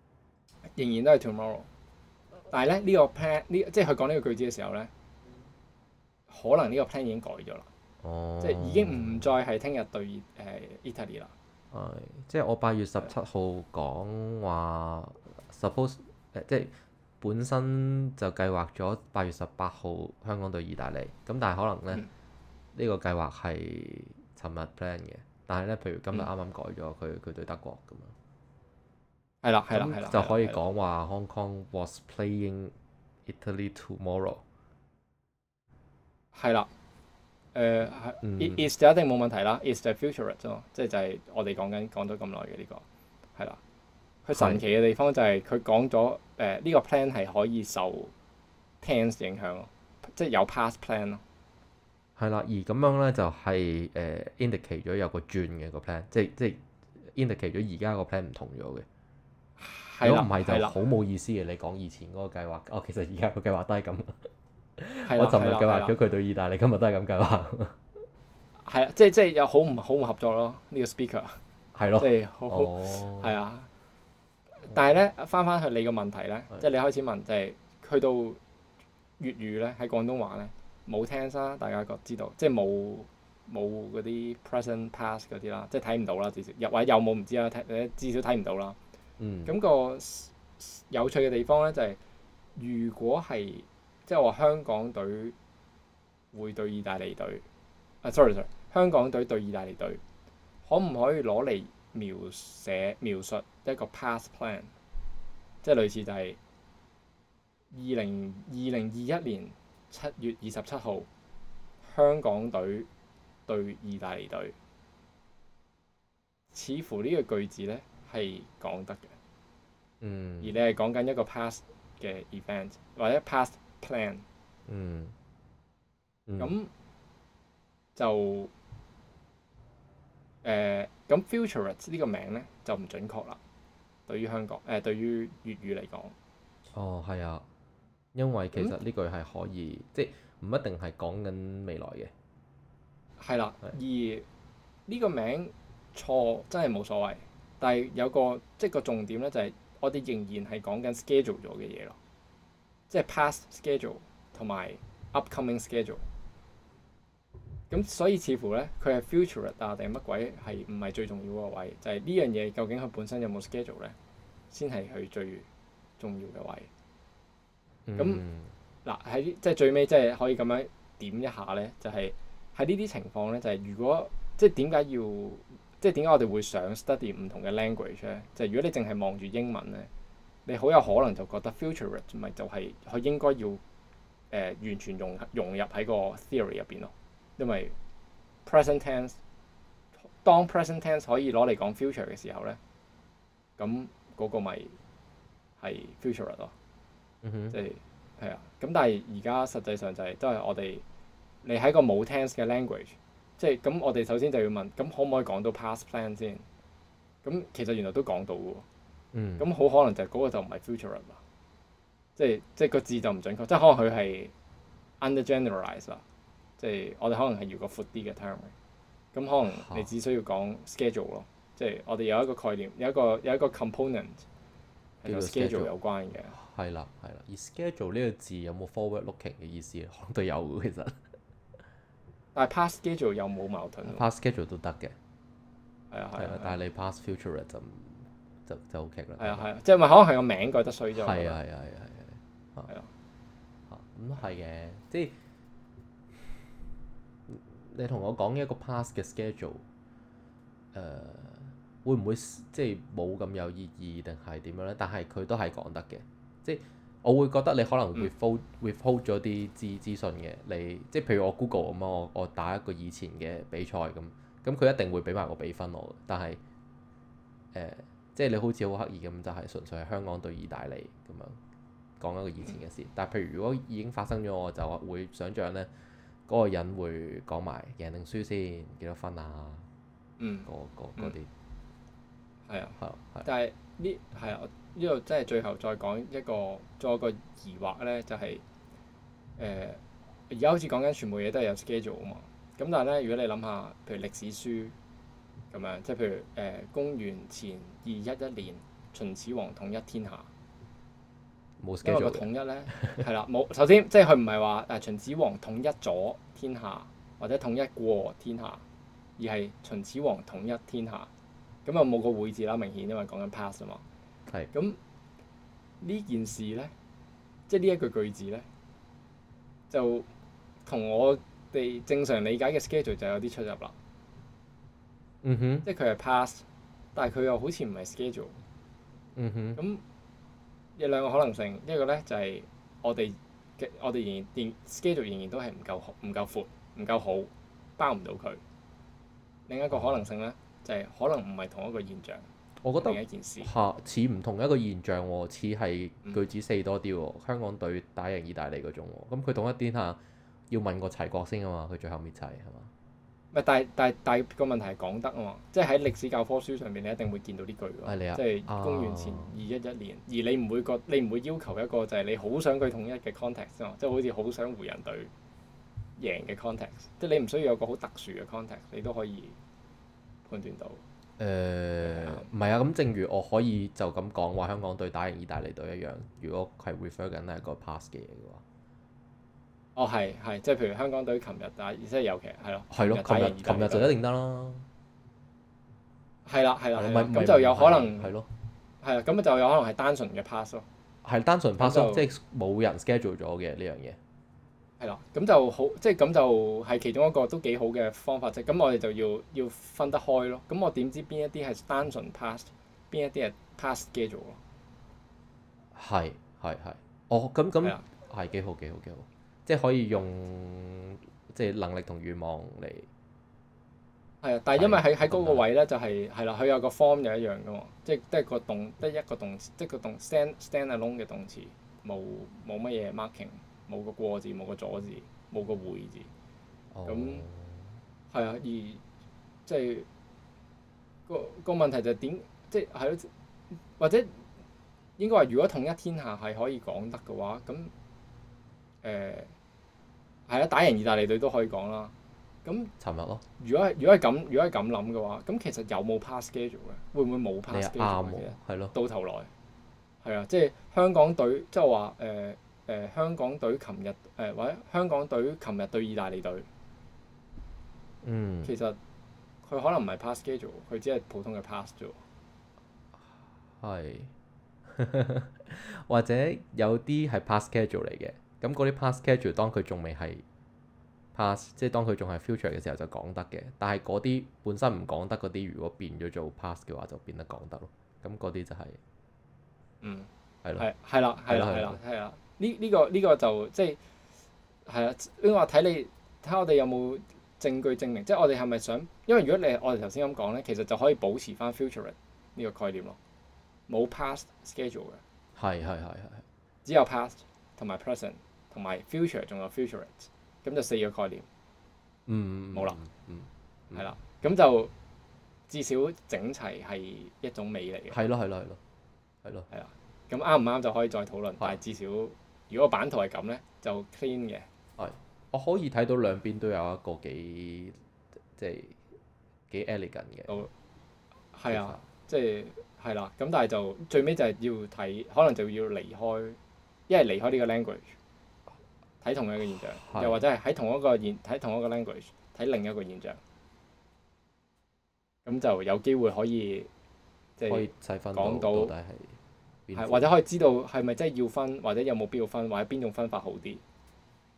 仍然都係 tomorrow，但係咧呢個 plan 呢，這個、即係佢講呢個句子嘅時候咧，可能呢個 plan 已經改咗啦、哦呃，即係已經唔再係聽日對誒 Italy 啦。係，即係我八月十七號講話 suppose 誒即係本身就計劃咗八月十八號香港對意大利，咁但係可能咧呢、嗯、個計劃係尋日 plan 嘅，但係咧，譬如今日啱啱改咗佢佢對德國咁樣。係啦，係啦，係啦，就可以講話 Hong Kong was playing Italy tomorrow。係啦，誒 is 一定冇問題啦。Is the future，啫，即係就係我哋講緊講咗咁耐嘅呢個，係啦。佢神奇嘅地方就係佢講咗誒呢個 plan 係可以受 tense 影響，即係有 past plan 咯。係啦，而咁樣咧就係誒 indicate 咗有個轉嘅個 plan，即係即係 indicate 咗而家個 plan 唔同咗嘅。如果唔係就好冇意思嘅，你講以前嗰個計劃，的哦，其實而家個計劃都係咁。的 我尋日計劃咗佢對意大利今，今日都係咁計劃。係啊，即係即係又好唔好唔合作咯？呢、這個 speaker 係咯的，即係好好係啊。但係咧，翻翻去你個問題咧，即係、哦、你開始問就係、是、去到粵語咧，喺廣東話咧冇聽沙，大家都知道，即係冇冇嗰啲 present past 嗰啲啦，即係睇唔到啦，至少又或者有冇唔知啊？至少睇唔到啦。咁個有趣嘅地方咧，就係、是、如果係即係話香港隊會對意大利隊，啊 sorry sorry，香港隊對意大利隊，可唔可以攞嚟描寫描述一個 past plan，即係類似就係二零二零二一年七月二十七號香港隊對意大利隊，似乎呢個句子咧。係講得嘅，嗯、而你係講緊一個 past 嘅 event 或者 past plan，咁、嗯嗯、就誒咁、呃、futurate 呢個名咧就唔準確啦。對於香港誒、呃，對於粵語嚟講，哦係啊，因為其實呢句係可以、嗯、即係唔一定係講緊未來嘅，係啦、啊。啊、而呢個名錯真係冇所謂。但係有個即係個重點咧，就係、是、我哋仍然係講緊 schedule 咗嘅嘢咯，即係 past schedule 同埋 upcoming schedule。咁所以似乎咧，佢係 future 啊定乜鬼係唔係最重要個位？就係呢樣嘢究竟佢本身有冇 schedule 咧，先係佢最重要嘅位。咁嗱喺即係最尾，即係可以咁樣點一下咧，就係喺呢啲情況咧，就係、是、如果即係點解要？即係點解我哋會想 study 唔同嘅 language 咧？即係如果你淨係望住英文咧，你好有可能就覺得 futurate 咪就係佢應該要誒、呃、完全融融入喺個 theory 入邊咯。因為 present tense 當 present tense 可以攞嚟講 future 嘅時候咧，咁嗰個咪係 futurate 咯。嗯哼，即係係啊。咁但係而家實際上就係、是、都係我哋你喺個冇 tense 嘅 language。即係咁，我哋首先就要問，咁可唔可以講到 past plan 先？咁其實原來都講到嘅喎。嗯。咁好可能就係嗰個就唔係 future 啦。即係即係個字就唔準確，即係可能佢係 undergeneralized 啦。即係我哋可能係要個闊啲嘅 term 嘅。咁可能你只需要講 schedule 咯。啊、即係我哋有一個概念，有一個有一個 component 係 schedule sch 有關嘅。係啦，係啦。而 schedule 呢個字有冇 forward-looking 嘅意思啊？可能都有嘅，其實。但係 past schedule 又冇矛盾 past schedule 都得嘅，係啊係啊，但係你 past future 就就就 OK 啦。係啊係啊，即係咪可能係個名改得衰咗？係啊係啊係啊係啊，係咯，咁都係嘅，即係你同我講一個 past 嘅 schedule，誒，會唔會即係冇咁有意義定係點樣咧？但係佢都係講得嘅，即係。我會覺得你可能會 withhold, withhold 咗啲資資訊嘅，你即係譬如我 Google 咁啊，我我打一個以前嘅比賽咁，咁佢一定會俾埋個比分我，但係、呃、即係你好似好刻意咁就係、係、純粹係香港對意大利咁樣講一個以前嘅事，但係譬如如果已經發生咗，我就會想像呢嗰、嗰個人會講埋贏定輸先，幾多分啊？嗰啲、嗯。係啊，係啊，但係呢係啊，呢度即係最後再講一個，再有個疑惑咧，就係誒而家好似講緊全部嘢都係有 schedule 啊嘛。咁但係咧，如果你諗下，譬如歷史書咁樣，即係譬如誒、呃、公元前二一一年，秦始皇統一天下。冇 schedule。因為個統一咧，係啦、 啊，冇首先即係佢唔係話誒秦始皇統一咗天下，或者統一過天下，而係秦始皇統一天下。咁又冇個會字啦，明顯因為講緊 pass 啊嘛。係。咁呢件事咧，即係呢一句句子咧，就同我哋正常理解嘅 schedule 就有啲出入啦。嗯哼。即係佢係 pass，但係佢又好似唔係 schedule。嗯哼。咁有兩個可能性，一個咧就係我哋嘅，我哋仍然 schedule 仍然都係唔夠唔夠闊，唔夠好，包唔到佢。另一個可能性咧，就係可能唔係同一個現象，我覺得同一件事嚇似唔同一個現象喎、哦，似係句子四多啲喎、哦，嗯、香港隊打贏意大利嗰種喎、哦，咁佢統一天下，要問個齊國先啊嘛，佢最後滅齊係嘛？唔係，但係但係第二個問題係講得啊嘛，即係喺歷史教科書上面，你一定會見到呢句喎，即係、啊、公元前二一一年。啊、而你唔會覺，你唔會要求一個就係你好想佢統一嘅 context 即係好似好想湖人隊贏嘅 context，即係你唔需要有個好特殊嘅 context，你都可以。判斷到，誒唔係啊！咁正如我可以就咁講話，香港隊打贏意大利隊一樣，如果係 refer 緊係個 pass 嘅嘢嘅話，哦係係，即係譬如香港隊琴日打，即係尤其係咯，係咯，琴日琴日就一定得啦，係啦係啦，咁就有可能係咯，係啊，咁就有可能係單純嘅 pass 咯，係單純 pass，即係冇人 schedule 咗嘅呢樣嘢。係啦，咁就好，即係咁就係、是、其中一個都幾好嘅方法啫。咁、就是、我哋就要要分得開咯。咁我點知邊一啲係單純 pass，邊一啲係 pass schedule 咯？係係係，哦咁咁係幾好幾好幾好，即係可以用即係能力同願望嚟。係啊，但係因為喺喺嗰個位咧，就係係啦，佢有個 form 又一樣噶喎，即係即一個動，得、就是、一個動詞，即、就、係、是、個動 stand stand alone 嘅動詞，冇冇乜嘢 marking。冇個過字，冇個咗字，冇個會字，咁係、oh. 啊，而即係個個問題就係點？即係係咯，或者應該話如果統一天下係可以講得嘅話，咁誒係啊，打贏意大利隊都可以講啦。咁尋日咯。如果係如果係咁，如果係咁諗嘅話，咁其實有冇 pass schedule 嘅、啊？會唔會冇 pass schedule 嘅？到頭來係啊的的，即係香港隊，即係話誒。呃誒、呃、香港隊琴日誒或者香港隊琴日對意大利隊，嗯，其實佢可能唔係 past schedule，佢只係普通嘅 past 啫喎。係， 或者有啲係 past schedule 嚟嘅，咁嗰啲 past schedule 當佢仲未係 past，即係當佢仲係 future 嘅時候就講得嘅。但係嗰啲本身唔講得嗰啲，如果變咗做 past 嘅話，就變得講得咯。咁嗰啲就係、是、嗯係咯，係係啦，係啦，係啦，係啦。呢呢、這個呢、這個就即係係啊，呢個話睇你睇我哋有冇證據證明，即係我哋係咪想？因為如果你我哋頭先咁講咧，其實就可以保持翻 futurate 呢個概念咯，冇 past schedule 嘅。係係係係。只有 past 同埋 present 同埋 future，仲有 futurate，咁就四個概念。嗯，冇啦了、嗯。嗯。係啦，咁就至少整齊係一種美嚟嘅。係咯係咯係咯。係咯。係啊，咁啱唔啱就可以再討論，但係至少。如果版圖係咁呢，就 clean 嘅。係，我可以睇到兩邊都有一個幾即係幾 elegant 嘅。E、哦，係啊，即係係啦。咁、就係、但係就最尾就係要睇，可能就要離開，一係離開呢個 language，睇同一個現象，的又或者係喺同一個現睇同一個 language，睇另一個現象。咁就有機會可以即係講到到底係。係或者可以知道係咪真係要分，或者有冇必要分，或者邊種分法好啲？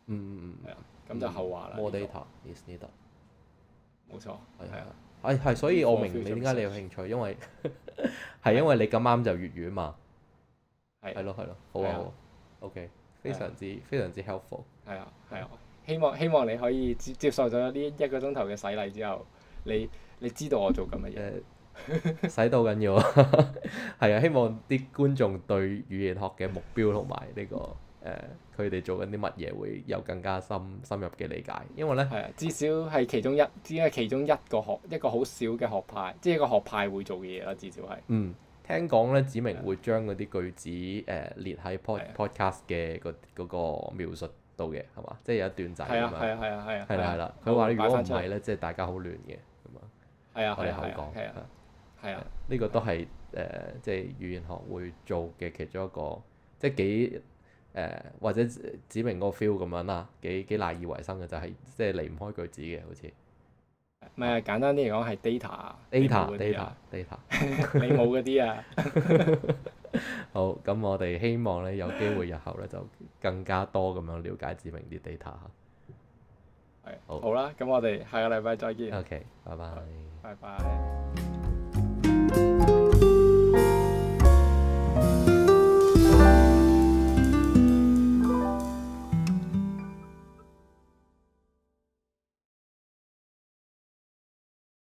嗯嗯嗯，係啊，咁就後話啦。more data is needed。冇錯，係係啊，係係，所以我明你點解你有興趣，因為係因為你咁啱就粵語嘛。係係咯係咯，好啊，OK，非常之非常之 helpful。係啊係啊，希望希望你可以接接受咗呢一個鐘頭嘅洗禮之後，你你知道我做緊乜嘢。使到緊要，係啊！希望啲觀眾對語言學嘅目標同埋呢個誒，佢哋做緊啲乜嘢會有更加深深入嘅理解，因為咧至少係其中一隻係其中一個學一個好少嘅學派，即係一個學派會做嘅嘢啦，至少係嗯，聽講咧，梓明會將嗰啲句子列喺 podcast 嘅個嗰個描述度嘅，係嘛？即係有一段仔係啊係啊係啊係啦係啦，佢話你如果唔係咧，即係大家好亂嘅，係嘛？係啊係啊係啊！係啊，呢、嗯、個都係誒，即、uh, 係語言學會做嘅其中一個，即係幾誒或者指明嗰個 feel 咁樣啦，幾幾賴以為生嘅就係即係離唔開句子嘅，好似唔係啊，簡單啲嚟講係 data，data，data，data，你冇嗰啲啊。啊 好，咁我哋希望咧有機會日後咧就更加多咁樣了解指明啲 data。係 好啦，咁好我哋下個禮拜再見。O.K.，拜拜。拜拜。